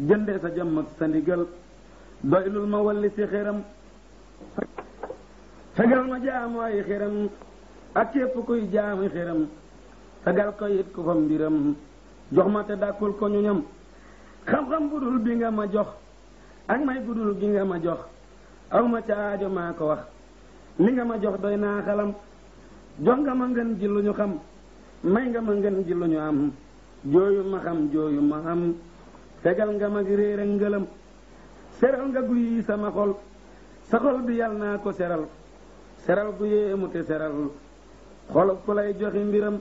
jënde sa jëmm ak sa ndigal doylul ma walli si xéram fegal ma jaamu ay xéram ak képp kuy jaamu xéram fegal ko it ku fa mbiram jox ma te dàkkul ko ñu ñam xam-xam bu dul bi nga ma jox ak may gudul gi nga ma jox aw ma ca aajo maa ko wax li nga ma jox doy naa xalam jox nga ma ngën ji lu ñu xam may nga ma ngën ji lu ñu am jooyu ma xam jooyu ma am fegal nga mag réer ak ngëlam seral nga guy sama xol sa xol bi yal naa ko seral seral bu yéemu te seral xol ku lay joxe mbiram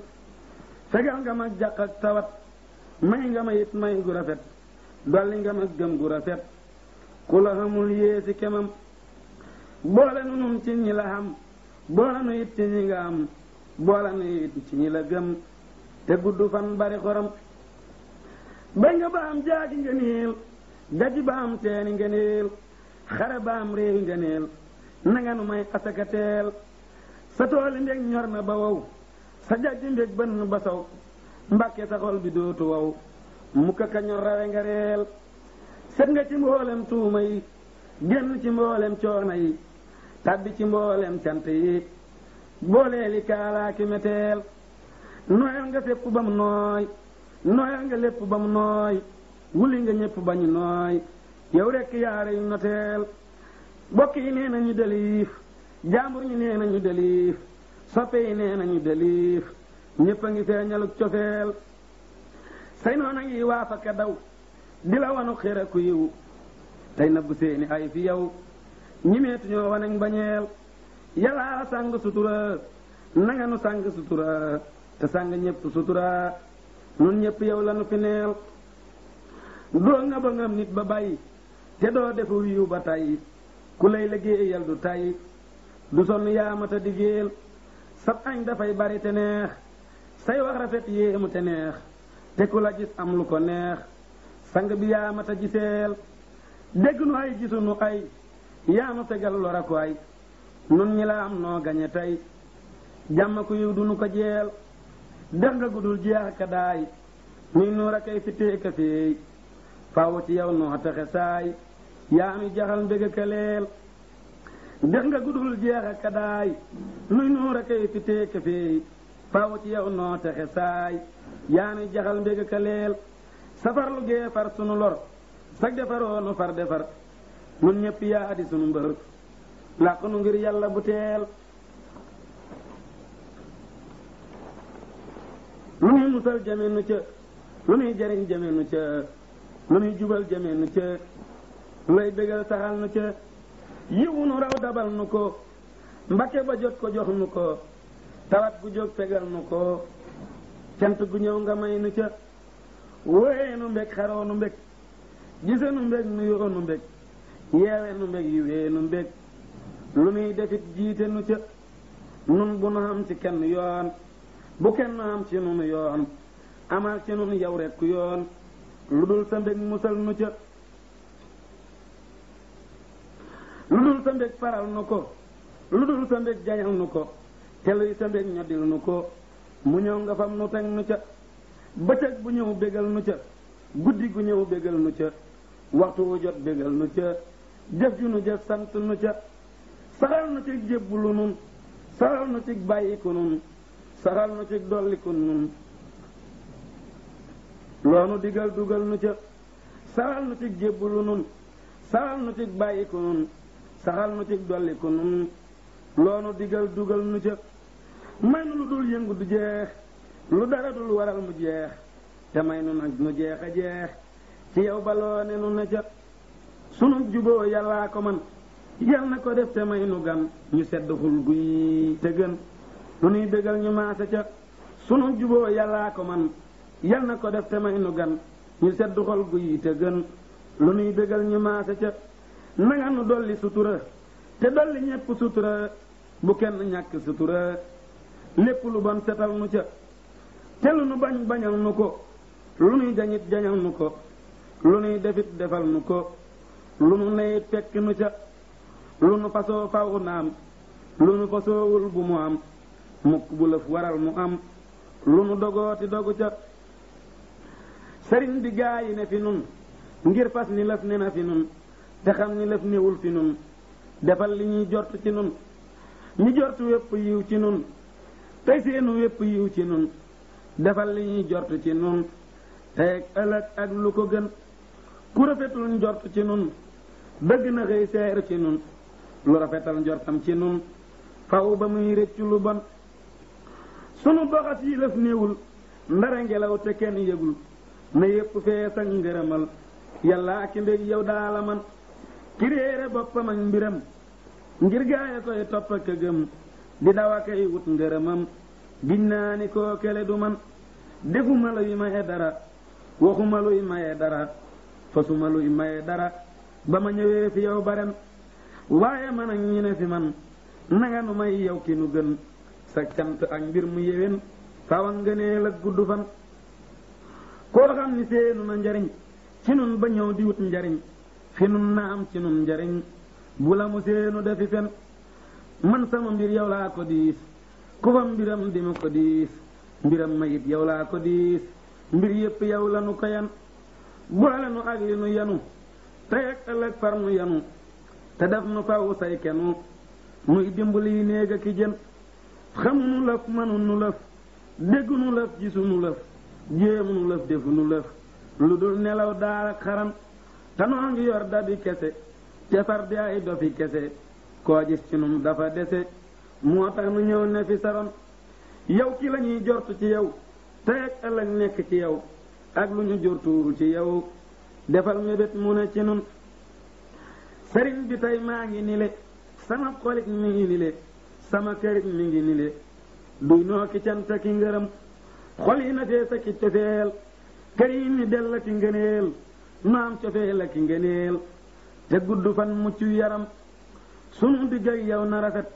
fegal nga ma jàq ak tawat may nga ma it may gu rafet dolli nga ma gëm gu rafet ku la xamul yée kemam boole nu ci ñi la xam boole nu ci ñi nga am boole la gëm te gudd fan bari xorom bañ nga ba am jaagi ngëneel jaji ba am teeni ngëneel xare ba am réewi ngëneel nanga nu may asakateel sa tooli ndég ñor na ba wow sa jaji mbég bënn ba saw mbàkke sa xol bi dootu wow mukk ka ñor rawe nga reel set nga ci mboolem tuuma yi génn ci mboolem coona yi tàbbi ci mboolem cant yi booleeli kaalaaki meteel nooyal nga fépp ba mu nooy nooyal nga lépp ba mu nooy wuli nga ñëpp ba ñu nooy yow rekk yaara yu noteel bokk yi nee nañu deliif jaambur ñu nee nañu deliif soppe yi nee nañu deliif ñëpp a ngi feeñaluk cofeel say noo a ngi waafa ka daw di la wanu yiw tey na bu seeni ay fi yow ñimeetu ñoo waneñ bañeel yàlla sàng sutura nanga nu sàng sutura te sàng ñëpp sutura nun ñëpp yow la nu fi neel doo nga ba nit ba bay te doo defu wiiw ba tay ku lay liggéeyal du tay du sonn yaamata digéel sab añ dafay bari te neex say wax rafet yéemu te neex te ku la gis am lu ko neex sang bi yaamata giseel dégg nu ay gisunu ay yaa nu fegal lorakoy nun ñi am noo gañe tey jàmm ku yiw dunu ko jeel dex nga gudul jeex ka nuy nuur kay fitteeka feey faaw ci yow noo taxe saay yaa nu jaxal mbég nuy ci yow noo taxe saay jaxal mbég ka leel safarlu gee far sunu lor sag defaroo nu far defar nun ñëpp yaa adi sunu mbër làq nu ngir yàlla bu teel lu nuy musal jameenu ca lu nuy jariñ jameenu ca lu nuy jubal jameenu ca lay bégal saxal nu ca yiwu nu raw dabal nu ko mbake ba jot ko jox nu ko tawat gu jóg fegal nu ko cant gu ñëw nga may nu ca wóoyee nu mbég xaroo nu mbég gise nu mbég nu yoroo nu mbég yeewe nu mbég yiwee nu mbég lu nuy defit jiite nu ca nun bu nu xam ci kenn yoon bu kenn am ci nun yoon amal ci nun yow rekk yoon lu dul sa mbég musal nu ca lu dul sa mbég faral nu ko lu dul sa mbég jañal nu ko te luy sa mbég ñoddil nu ko mu ñëw nga fam nu teg nu ca bëccëg bu ñëw bégal nu ca guddi gu ñëw bégal nu ca waxtu wu jot bégal nu ca jëf ju nu jëf sant nu ca saxal nu ci jébbulu nun saxal nu ci bàyyiku nun saxal nu ci dolliku nun loonu digal dugal nu ca saxal nu ci jébbulu nun saxal nu ci bàyyiku nun saxal nu ci dolliku nun loonu digal dugal nu ca may nu lu dul yëngu du jeex lu dara dul waral mu jeex te may nu nag nu jeex a jeex ci yow ba loo ne nu ne ca sunu juboo yàllaa ko man yal na ko def te may nu gan ñu sedd xul guy te gën lu nuy bégal ñu maase ca sunu juboo yàllaa ko man yal na ko def te may nu gan ñu sedd xol guy te gën lu nuy bégal ñu maase ca nanga nu dolli sutura te dolli ñépp sutura bu kenn ñàkk sutura lépp lu bon setal nu ca te lu nu bañ bañal nu ko lu nuy jañit jañal nu ko lu nuy defit defal nu ko lu nu nayit fekk nu ca lu nu fasoo faw na am lu nu fasoowul bu mu am mukk bu lëf waral mu am lu nu dogooti dogu ca sëriñ di gaa yi ne fi nun ngir fas ni lëf ne na fi nun te xam ni lëf niwul fi nun defal li ñuy jort ci nun ñu jort wépp yiw ci nun tey seenu wépp yiw ci nun defal li ñuy jort ci nun tey ëllëg ak lu ko gën ku rafetul njort ci nun bëgg na xëy seer ci nun lu rafetal njortam ci nun faw ba muy rëccu lu bon sunu doxas yi lëf néewul ndara ngelaw te kenn yëgul na yépp fees ak ngërëmal yàlla ak mbég yow daala man ki boppam ak mbiram ngir gaaya koy topp ak gëm di daw ak ay wut ngërëmam giñ naa ni koo kele man defuma luy maye dara waxuma luy maye dara fasuma luy maye dara ba ma ñëwee fi yow ba waaye man ak ñi ne fi man nanga nu may yow ki nu gën sa cant ak mbir mu yéwén fawa ngëneel ak gudd fan koo xam ni seenu na njariñ ci nun ba ñëw di njariñ fi nun na am ci nun njariñ bu la mu seenu defi fen man sama mbir yow laa ko diis ku fa mbiram di ma ko diis mbiram mayit yow laa ko diis mbir yépp yow la nu ko yan boole nu ak nu yanu tey ak ëllëg far mu yenu te def nu faw say kenu nuy dimbali néeg ak i jën xamu nu lëf mënu nu lëf déggu nu lëf gisu nu lëf jéemu nu lëf defu nu lëf lu dul nelaw daar ak xaram te noo ngi yor dabi kese te far di ay dofi kese koo gis ci nun dafa dese moo tax nu ñëw ne fi saram yow ki lañuy jortu ci yow tey ak nekk ci yow ak lu ñu jortuuru ci yow defal mébét mu ne ci nun sëriñ bi tey maa ngi ni le sama xolit mi ni le sama kërit mi ngi ni le duy noo ki ki ngërëm xol yi na fee ki cofeel kër yi ni del la ki ngëneel maam cofeel la ki ngëneel te gudd fan mucc yaram sunu digg ak yow na rafet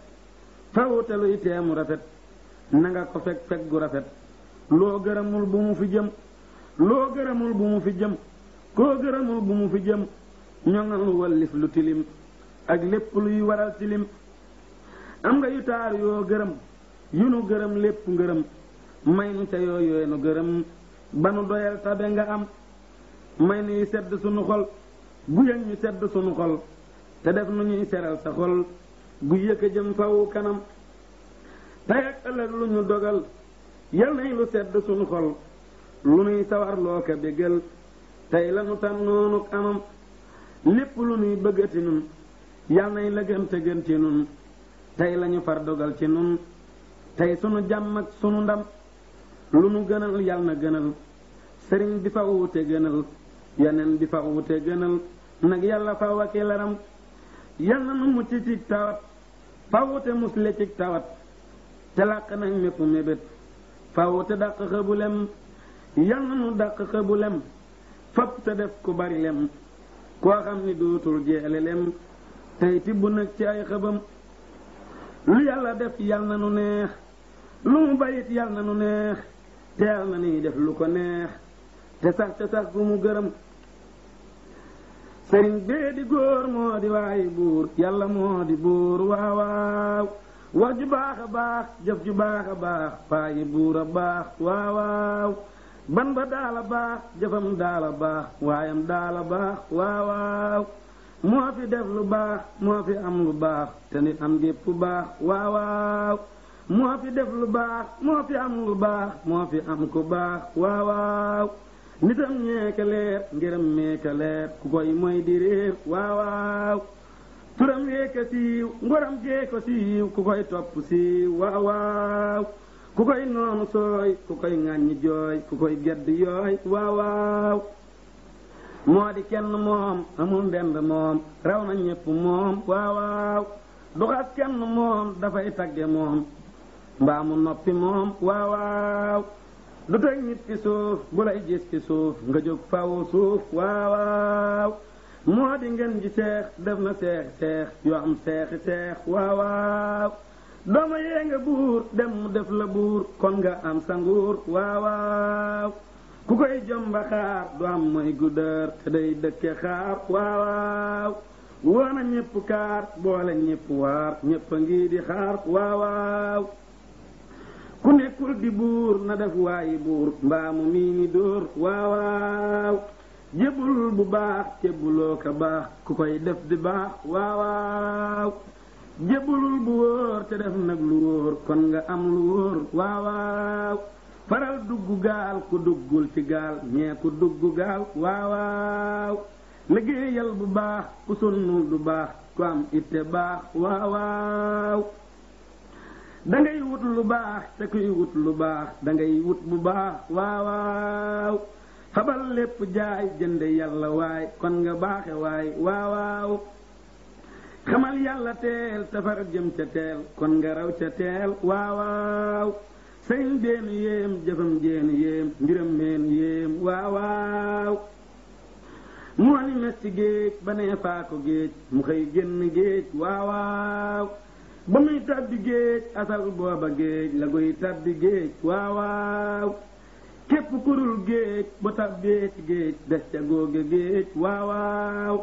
fawutaluy teemu rafet na ko fekk fekk rafet loo gërëmul bu mu fi jëm loo gërëmul bu mu fi jëm koo gërëmul bu mu fi jëm ñoŋal wallif lu tilim ak lépp luy waral tilim am nga yu taar yoo gërëm yu nu gërëm lépp ngërëm may nu ca yoo yooy nu gërëm ba nu doyal tabe nga am may nuy sedd sunu xol bu yëg ñu sedd sunu xol te def nu ñuy seral sa xol bu yëkk jëm fawu kanam tey ak ëllëg lu ñu dogal yal nay lu sedd sunu xol lu nuy sawar ko bégal tey lanu tam noonu amam lépp lu nuy bëggati nun yal nañ la gën te gën ci nun tey lañu far dogal ci nun tey sunu jàmm ak sunu ndam lu nu gënal yal na gënal sëriñ bi fa wuute gënal yeneen bi fa wuute gënal nag yàlla fa waki laram yal na nu mucc ci tawat fa wuute musle ci tawat te làq nañ mépp mébét fa wuute dàq xëbulem yal na nu dàq xëbulem fab te def ku bari lem koo xam ni dootul jeexle lem tey tibb nag ci ay xëbam lu yàlla def yal na nu neex lu mu bayit yal na nu neex teel na ni def lu ko neex te sax te sax gu mu gërëm sëriñ bee di góor moo di waayi buur yàlla moo di buur waawaaw wax ju baax a baax jëf ju baax a baax paayi buur a baax waawaaw ban ba daala baax jëfam daala baax waayam daala baax waawaaw moo fi def lu baax moo fi am lu baax te am gépp baax waawaaw moo fi def baax moo fi am lu baax moo fi am ku baax waawaaw nitam ñeeka leer ngërëm meeka leer ku koy moy di waawaaw turam weeka siiw ngoram jeeko siiw ku koy topp siiw waawaaw ku koy noonu sooy ku koy ŋàññi jooy ku koy gedd yooy waaw waaw moo di kenn moom amul mbend moom raw na ñépp moom waaw waaw du xas kenn moom dafay tagge moom mbaa mu noppi moom waaw waaw du teg nit suuf bu lay gis ci suuf nga jóg faw suuf waaw waaw moo di ngeen ji seex def na seexi seex yoo am seexi seex waaw waaw dooma yee nga buur dem mu def la buur kon nga am sa nguur waawaaw ku koy jomba xaar du am mooy guddër te day dëkke xaar waawaaw woona ñépp kaar boole ñépp waar ñépp ngi di xaar waawaaw ku nekkul di buur na def waayi buur mbaamu mii ni dóor waawaaw jébul bu baax jébbuloo ka baax ku koy def di baax waawaaw jébbalul bu wóor te def nag lu wóor kon nga am lu wóor waawaaw faral dugg gaal ku duggul ci gaal ñee ku dugg gaal waawaaw liggéeyal bu baax ku sonnul du baax ku am itte baax waawaaw da wut lu baax te kuy wut lu baax da ngay wut bu baax waawaaw fabal lépp jaay jënde yàlla waay kon nga baaxe waay waawaaw xamal yàlla teel safar jëm ca teel kon nga raw ca teel waawaaw sayn jéen yéem jëfam jéen yéem mbiram meen yéem waawaaw moo ni mes ci géej ba nee ko géej mu xëy génn géej waawaaw ba muy tàbbi géej asal booba géej la guy tàbbi géej waawaaw képp kurul géej bu tàbbee géej des ca googe géej waawaaw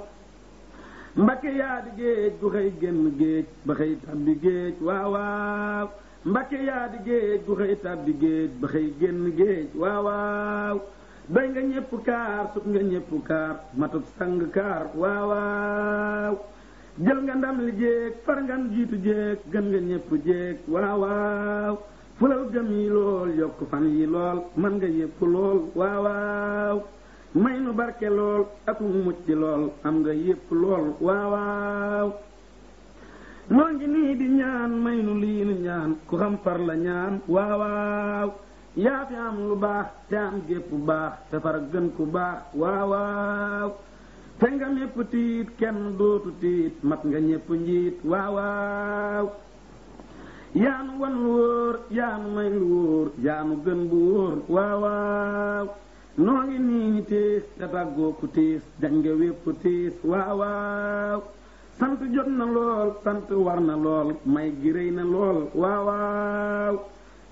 mbakke yaa di géej gu xëy génn géej ba xëy tabbi géej waaw waaw mbakke yaa di géej gu xëy tabbi géej ba xëy génn géej waaw doy nga ñëpp kaar sut nga ñëpp kaar matut sang kaar waaw jël nga ndam li jéeg far nga jiitu jéeg gën nga ñëpp jéeg waaw waaw fulal gëm yi lool yokk fan yi lool mën nga yëpp lool waaw may nu barke lool ak mu mucc lool am nga yépp lool waawaaw noo ngi nii di ñaan may nu lii nu ñaan ku xam far la ñaan waawaaw yaa fi am lu baax te am gépp baax te far gën ku baax waawaaw te nga mépp tiit kenn dootu tiit mat nga ñépp njiit waawaaw yaanu wan lu wóor yaanu may lu wóor yaanu gën bu wóor waawaaw noo ngi nii ñi tiis te bàggoo tiis dañ nga wépp tiis waaw sant jot na lool sant war na lool may gi rëy na lool waaw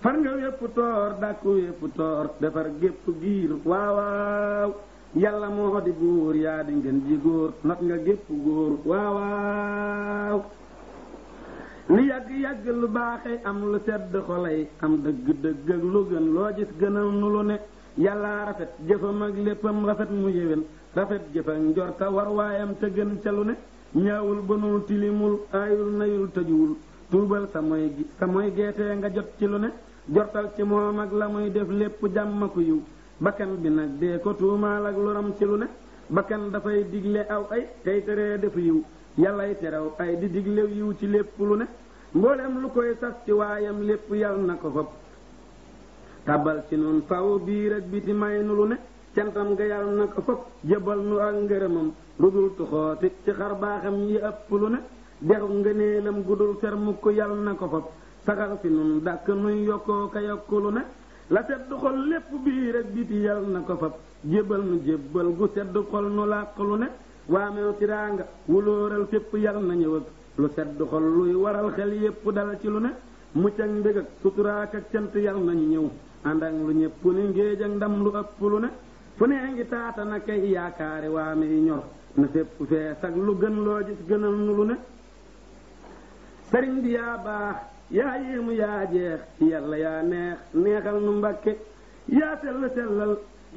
far nga wépp toor dàkku wépp toor defar gépp giir waaw waaw yàlla moo di buur yaa di ngeen ji góor not nga gépp góor waaw waaw lu yàgg-yàgg lu baaxee am lu sedd xolay am dëgg-dëgg lu gën loo gis nu lu ne yàlla rafet jëfam ak léppam rafet mu yéwén rafet jëf ak njorta war waayam te gën ca lu ne ñaawul bonul tilimul aayul nayul tëjuwul tuubal sa moy sa moy geetee nga jot ci lu ne jortal ci moom ak la muy def lépp jàmm ku yiw bakkan bi nag dee ko tuumaal ak loram ci lu ne bakkan dafay digle aw ay tey teree def yiw yàllay terew ay di digle yiw ci lépp lu ne mboolem lu koy sas ci waayam lépp yàlla na ko fab tabal ci nun faw biir ak biti may nu lu ne cantam nga yàlla na ko fopp jëbal nu ak ngërëmam lu dul tuxootit ci xar baaxam yi ëpp lu ne dexu ngëneelam gudul fer mukk yàlla na ko fopp saxal fi nun dàkk nuy yokkoo ka yokku lu ne la sedd xol lépp biir ak biti yàlla na ko fopp jébal nu jébbal gu sedd xol nu làq lu ne waamew tiraanga wulóoral fépp yàlla na ñëwag lu sedd xol luy waral xel yépp dal ci lu ne mucc ak mbég ak suturaak ak cant yàlla nañu ñëw ànd ak lu ñëpp ni ngéej ndam lu ëpp lu ne fu nee ngi taata na kay yaakaari waame yi ñor na fépp fees ak lu gën loo gis gënal nu lu ne sëriñ bi yaa baax yaa yéemu yaa jeex yàlla yaa neex neexal nu mbakke yaa sell sellal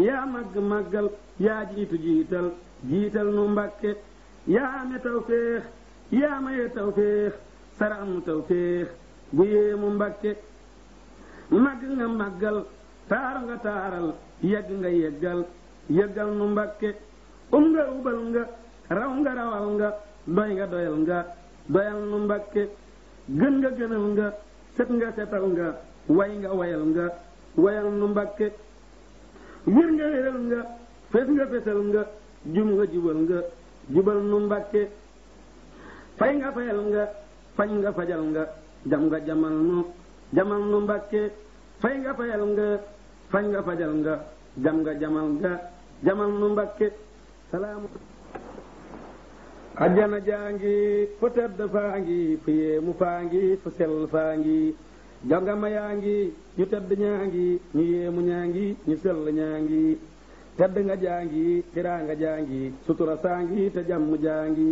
yaa màgg màggal yaa jiitu jiital jiital nu mbakke yaa ame tawféex yaa maye tawféex sarax mu tawféex bu yéemu mbakke màgg nga màggal taaru nga taaral yegg nga yeggal yeggal nu mbakke um nga ubal nga raw nga rawal nga doy nga doyal nga doyal nu gën nga gënal nga set nga setal nga way nga wayal nga wayal nu mbakke nga wéral nga fes nga fesal nga jum nga jubal nga jubal nu fay nga fayal nga fajal nga jam nga jamal nu jamal nu mbakke fay nga fayal nga fañ nga fajal nga jam nga jamal nga jamal nu mbakke salaamu ajjana jaangi fu tedd faa ngi fu yéemu faa ngi fu sell faa ngi jongama yaa ngi ñu tedd ñaa ngi ñu yéemu ñaa ngi ñu sell ñaa ngi tedd nga jaangi tiraanga jaangi sutura saangi te jàmm jaangi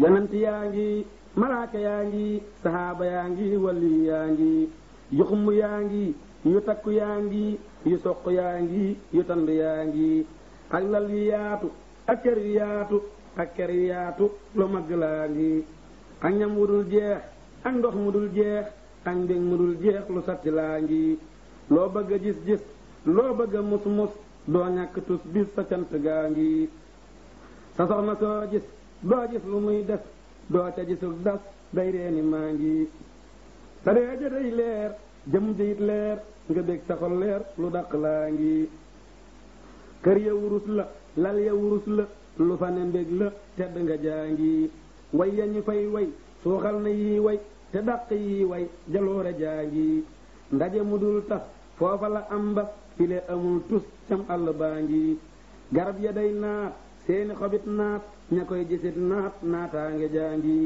yonent yaa ngi malaaka yaa ngi saxaaba yaa ngi wali yaa ngi yu xumm yaa ngi yu takku yaa ngi yu soq yaa ngi yu tand yaa ngi ak lal yu yaatu ak kër yu yaatu lu mag laa ngi ak ñam wu dul jeex ak ndox mu dul jeex ak mbég mu dul jeex lu satti laa ngi loo bëgg a gis-gis loo bëgg a mus-mus doo ñàkk tus bis sa cant gaa ngi sa soxna soo gis doo gis lu muy def doo ca gisul das day reeni maa ngi sa dee ja day leer jëm jëyit leer nga dégg sa xol leer lu daq laa ngi kër ya wurus la lal ya wurus la lu fa ne mbég la tedd nga jaa ngi way ya ñu fay way suuxal na yii way te dàq yii way jaloore jaa ngi ndaje mu dul tas foofa la am ba file amul tus cam àll baa ngi garab ya day naat seeni xobit naat ña koy gisit naat naataange jaangi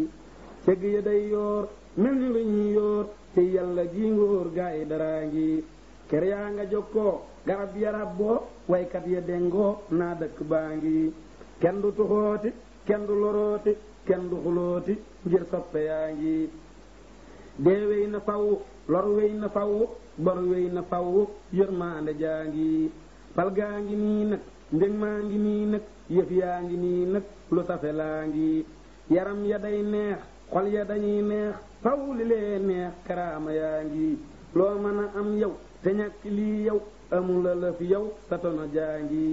cëgg ya day yoor mel ni lu ñuy yoor ci yàlla gi ngóor gaa daraa ngi kër yaa nga jokkoo garab ya rabboo waykat ya dengoo naa dëkk baa ngi kenn du tuxooti kenn du lorooti kenn du xulooti ngir soppe yaa ngi dee wey na faw lor wey na faw bor wey na faw yërmaande jaa ngi pal gaa ngi nii nag ndég maa ngi nii nag yëf yaa ngi nii nag lu safe laa ngi yaram ya day neex xol ya dañuy neex faw li lee neex karaama yaa ngi loo mën a am yow te ñàkk lii yow amula la fi yow sa tono jaa ngi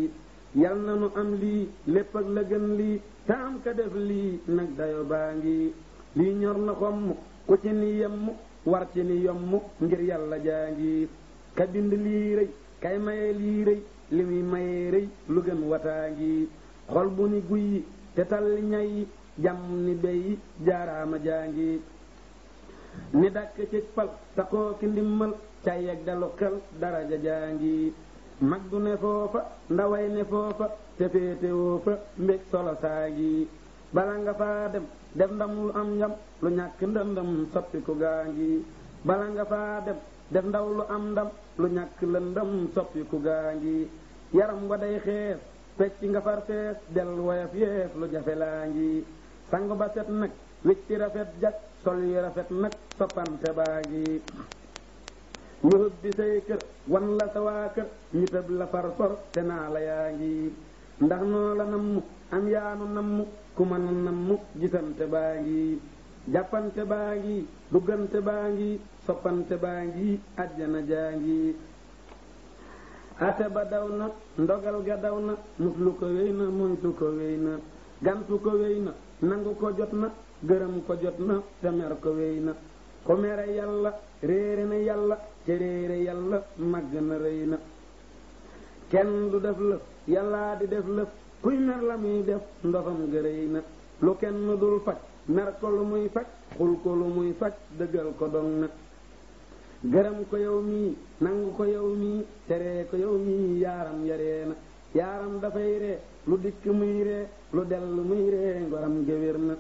yal na nu am lii lépp ak la gën lii te def lii nag dayo baa ngi lii ñor na xomm ku ci ni yemm war ci ni yomm ngir yàlla jaa ngi ka bind lii rëy kay maye lii rëy li muy maye rëy lu gën wataa ngi xol bu ni guy te tal ñay jam ni béy jaa ngi ni dàkk ci pal taxoo ki ndimmal cay ak dalu xel daraja jaangi mag du ne foofa ndaway ne foofa te féetewoo fa mbég solo saangi bala nga faa am ndam lu ñàkk ndam ndam soppiku ngi bala nga faa dem def ndaw lu am ndam lu ñàkk lëndam soppiku gaa ngi yaram wa day xees fecc nga far fees del woyof yeef lu jafe laa ngi sangu baset nag witti rafet jag sol yu rafet nag soppante baa ngi ñu hubbi say kër wan la sa waa kër ñu tëb la far sor te naa la yaa ngi ndax noo la namm am yaanu namm ku mën a namm gisante baa ngi jàppante baa ngi duggante baa ngi soppante baa ngi àjjana jaa ngi ate ba daw na ndogal ga daw na muslu ko wéy na moytu ko wéy na gantu ko wéy na nangu ko jot na gërëm ko jot na te mer ko wéy na ko mere yàlla réere na yàlla te réere yàlla màgg na rëy na kenn du def lëf yàllaa di def lëf kuy mer la muy def ndofam ga rëy na lu kenn dul faj mer ko lu muy faj xul ko lu muy faj dëggal ko dong na gërëm ko yow mii nangu ko yow mii teree ko yow mii yaaram yare na yaaram dafay ree lu dikk muy ree lu dellu muy ree ngoram géwér na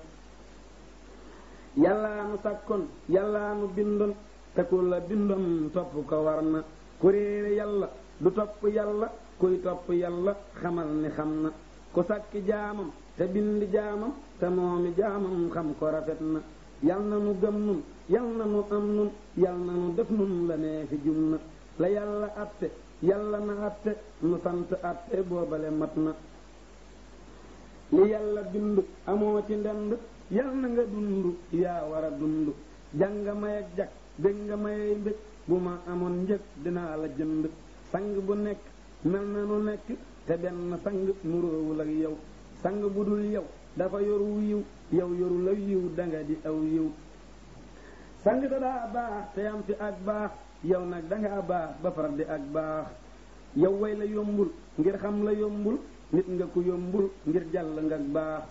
yàllaa nu sàkkoon yàllaa nu bindoon te ku la bindoon topp ko war na ku réere yàlla du topp yàlla kuy topp yàlla xamal ni xam na ku sakk jaamam te bind jaamam te moomi jaamam xam ko rafet na yal na nu gëm nun yal na nu am nun yal na nu def nun la nee jum na la yàlla atte yàlla na atte nu sant atte boobale mat na li yàlla dund amoo ci ndënd yal na nga dund yaa war a dund jànga may ak jak dégg nga mayey bu ma amoon njëg dinaa la jënd sang bu nekk mel na nu nekk te benn sang nuróowul ak yow sang bu dul yow dafa yoru yiw yow yoru la yiw danga di aw yiw sang da daa baax te am fi ak baax yow nag dangaa baax ba faral di ak baax yow way la yombul ngir xam la yombul nit nga ku yombul ngir jàll nga ak baax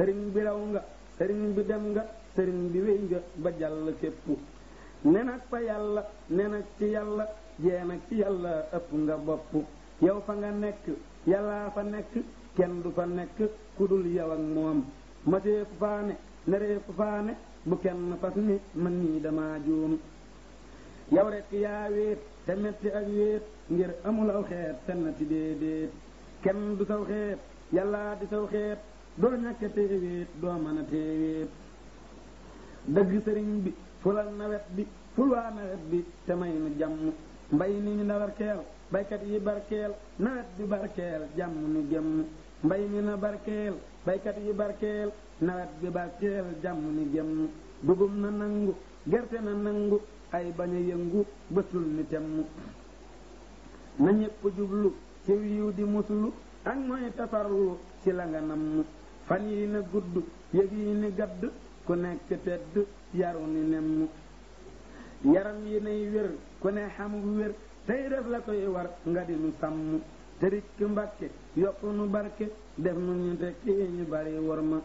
sëriñ bi raw nga sëriñ bi dem nga sëriñ bi wéy nga ba jàll fépp ne nag fa yàlla ne nag ci yàlla jee nag ci yàlla ëpp nga bopp yow fa nga nekk yàllaa fa nekk kenn du fa nekk ku dul yow ak moom mateefu faane nereefu faane bu kenn fas ni man nii dama juum yow rek yaa wéet te metti ak wéet ngir amul aw xeet sennati déedéet kenn du saw xeet yàlla di saw xeet doo ñàkk tee wéet doo mën a tee dëgg sëriñ bi fulal nawet bi fulwaa nawet bi te may nu jàmm mbay ni ñu barkeel baykat yi barkeel nawet bi barkeel jàmm nu jëmm mbay mi na barkeel baykat yi barkeel nawet bi bàkkeel jàmm ni jëm dugum na nangu gerte na nangu ay bañ a yëngu bëtul ni temm na ñépp jublu ci yiw di muslu ak mooy tafarlu ci la nga namm fan yi na gudd yëg yi ni gadd ku nekk tedd yaru ni nemm yaram yi nay wér ku ne xamu wér tey def la koy war nga di nu sàmm te rikk mbàkke nu barke def nu ñu tekki ñu bari war ma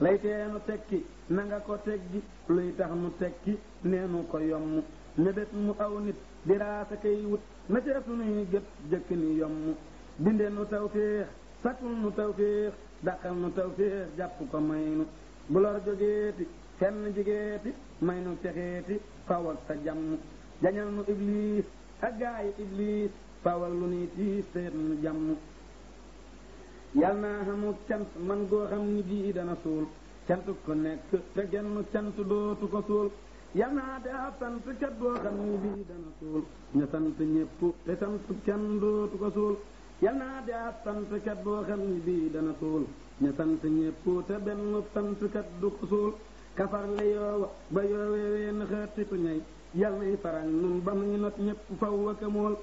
lay tee tekki na nga ko teggi luy tax nu tekki neenu ko yomm mébét mu aw nit diraasa kay wut na ca sunuy gët jëkk ni yomm bindee nu tawféex sakkul nu tawféex daqal nu tawféex jàpp ko may nu bu lor jógeeti fenn jigeeti may nu texeeti fawal sa jàmm jañal nu ibliis ak gaayi ibliis fawal lu nuy tiis seet nu jàmm yal naa xamu cant man goo xam ni gii dana suul cant ku nekk te genn cant dootu ko suul yal naa de ab sant kat goo xam ni bii dana suul ña sant ñëpp te sant kenn dootu ko suul yal naa de ab sant kat boo xam ni bii dana suul ña sant ñëpp te benn sant kat du ko suul kafar la yoowa ba yoowee ween xëttitu ñay yal nay faral nun ba muy not ñëpp faw wakamool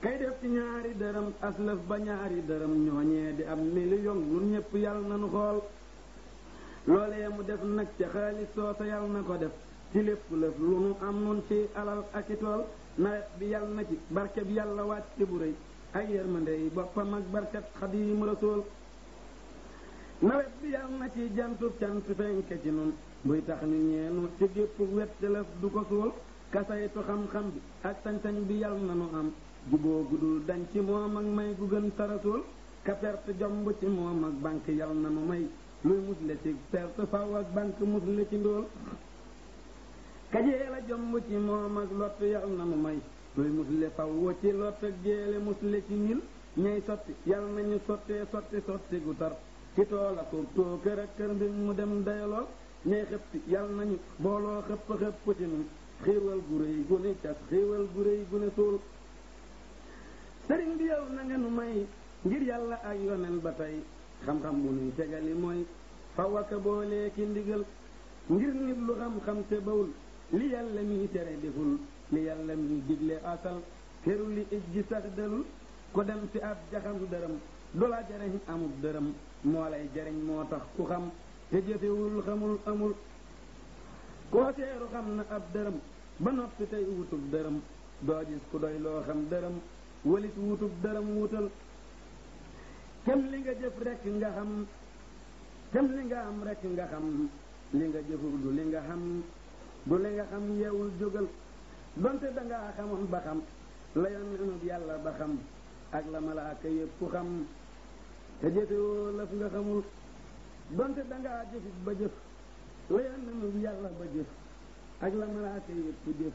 kay def ci ñaari dërëm aslëf ba ñaari dërëm ñooñee di am miliyon nun ñépp yal nañu xool loolee mu def nag ca xaalis soosa yal na ko def ci lépp lëf lu nu am nun ci alal ak i tool nawet bi yal na ci barke bi yàlla wàcc ci bu rëy ay yërmande yi boppam ak barkat xadiim bi na ci jantub cant fenke ci nun buy tax ñu ñeenu ci gépp wet ca lëf du ko suul kasaytu xam-xam bi ak sañ-sañ bi yal na am juboo gudul dañ ci moom ak may gu gën taratul ka perte jomb ci moom ak banque yal na mu may muy musle ci perte faw ak banque musle ci ndóol ka a jomb ci moom ak lott yal na mu may muy musle faw wa ci lott ak jeele musle ci ñil ñay sotti yal nañu sottee sotti sotti gu tar ci tool ak too kër ak kër mbir mu dem dayalool ñay xëppi yal nañu booloo xëpp xëpp ci nun xiiwal gu rëy gu ne cas xiiwal gu rëy gu ne suul sëriñ bi yow na ngeen may ngir yàlla ak yonen ba tey xam-xam bu nuy tegali mooy fawaka boolee ki ndigal ngir nit lu xam-xam te bawul li yàlla miy tere deful li yàlla miy digle asal teru li ij gi sax dalul ku dem fi ab jaxam dërëm du la jariñ amul dërëm moo lay jariñ moo tax ku xam te jëfewul xamul amul koo seeru xam na ab dërëm ba noppi tey wutub dërëm doo gis ku doy loo xam dërëm walis wutub dërëm wutal kem li nga jëf rek nga xam kem li nga am rek nga xam li nga jëful du li nga xam du li nga xam yeewul jógal donte dangaa xamoon ba xam la yonenub yàlla ba xam ak la malaaka yëpp ku xam te jëfewoo laf nga xamul donte dangaa jëfit ba jëf la yonenub yàlla ba jëf ak la malaaka yëpp ku jëf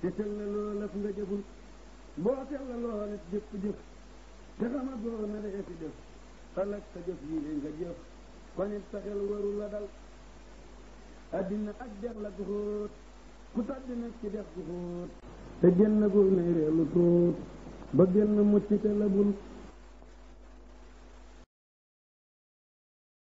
te tël loo laf nga jëful boo sellaloo nit jëpp jëf te xama boo na dee si def xalak sa jëf yi nga jëf kon it xel warul la dal addina ak dex la gu xóot ku tàddi nag ci dex gu xóot te génn gu nay reelu tuut ba génn mucc te labul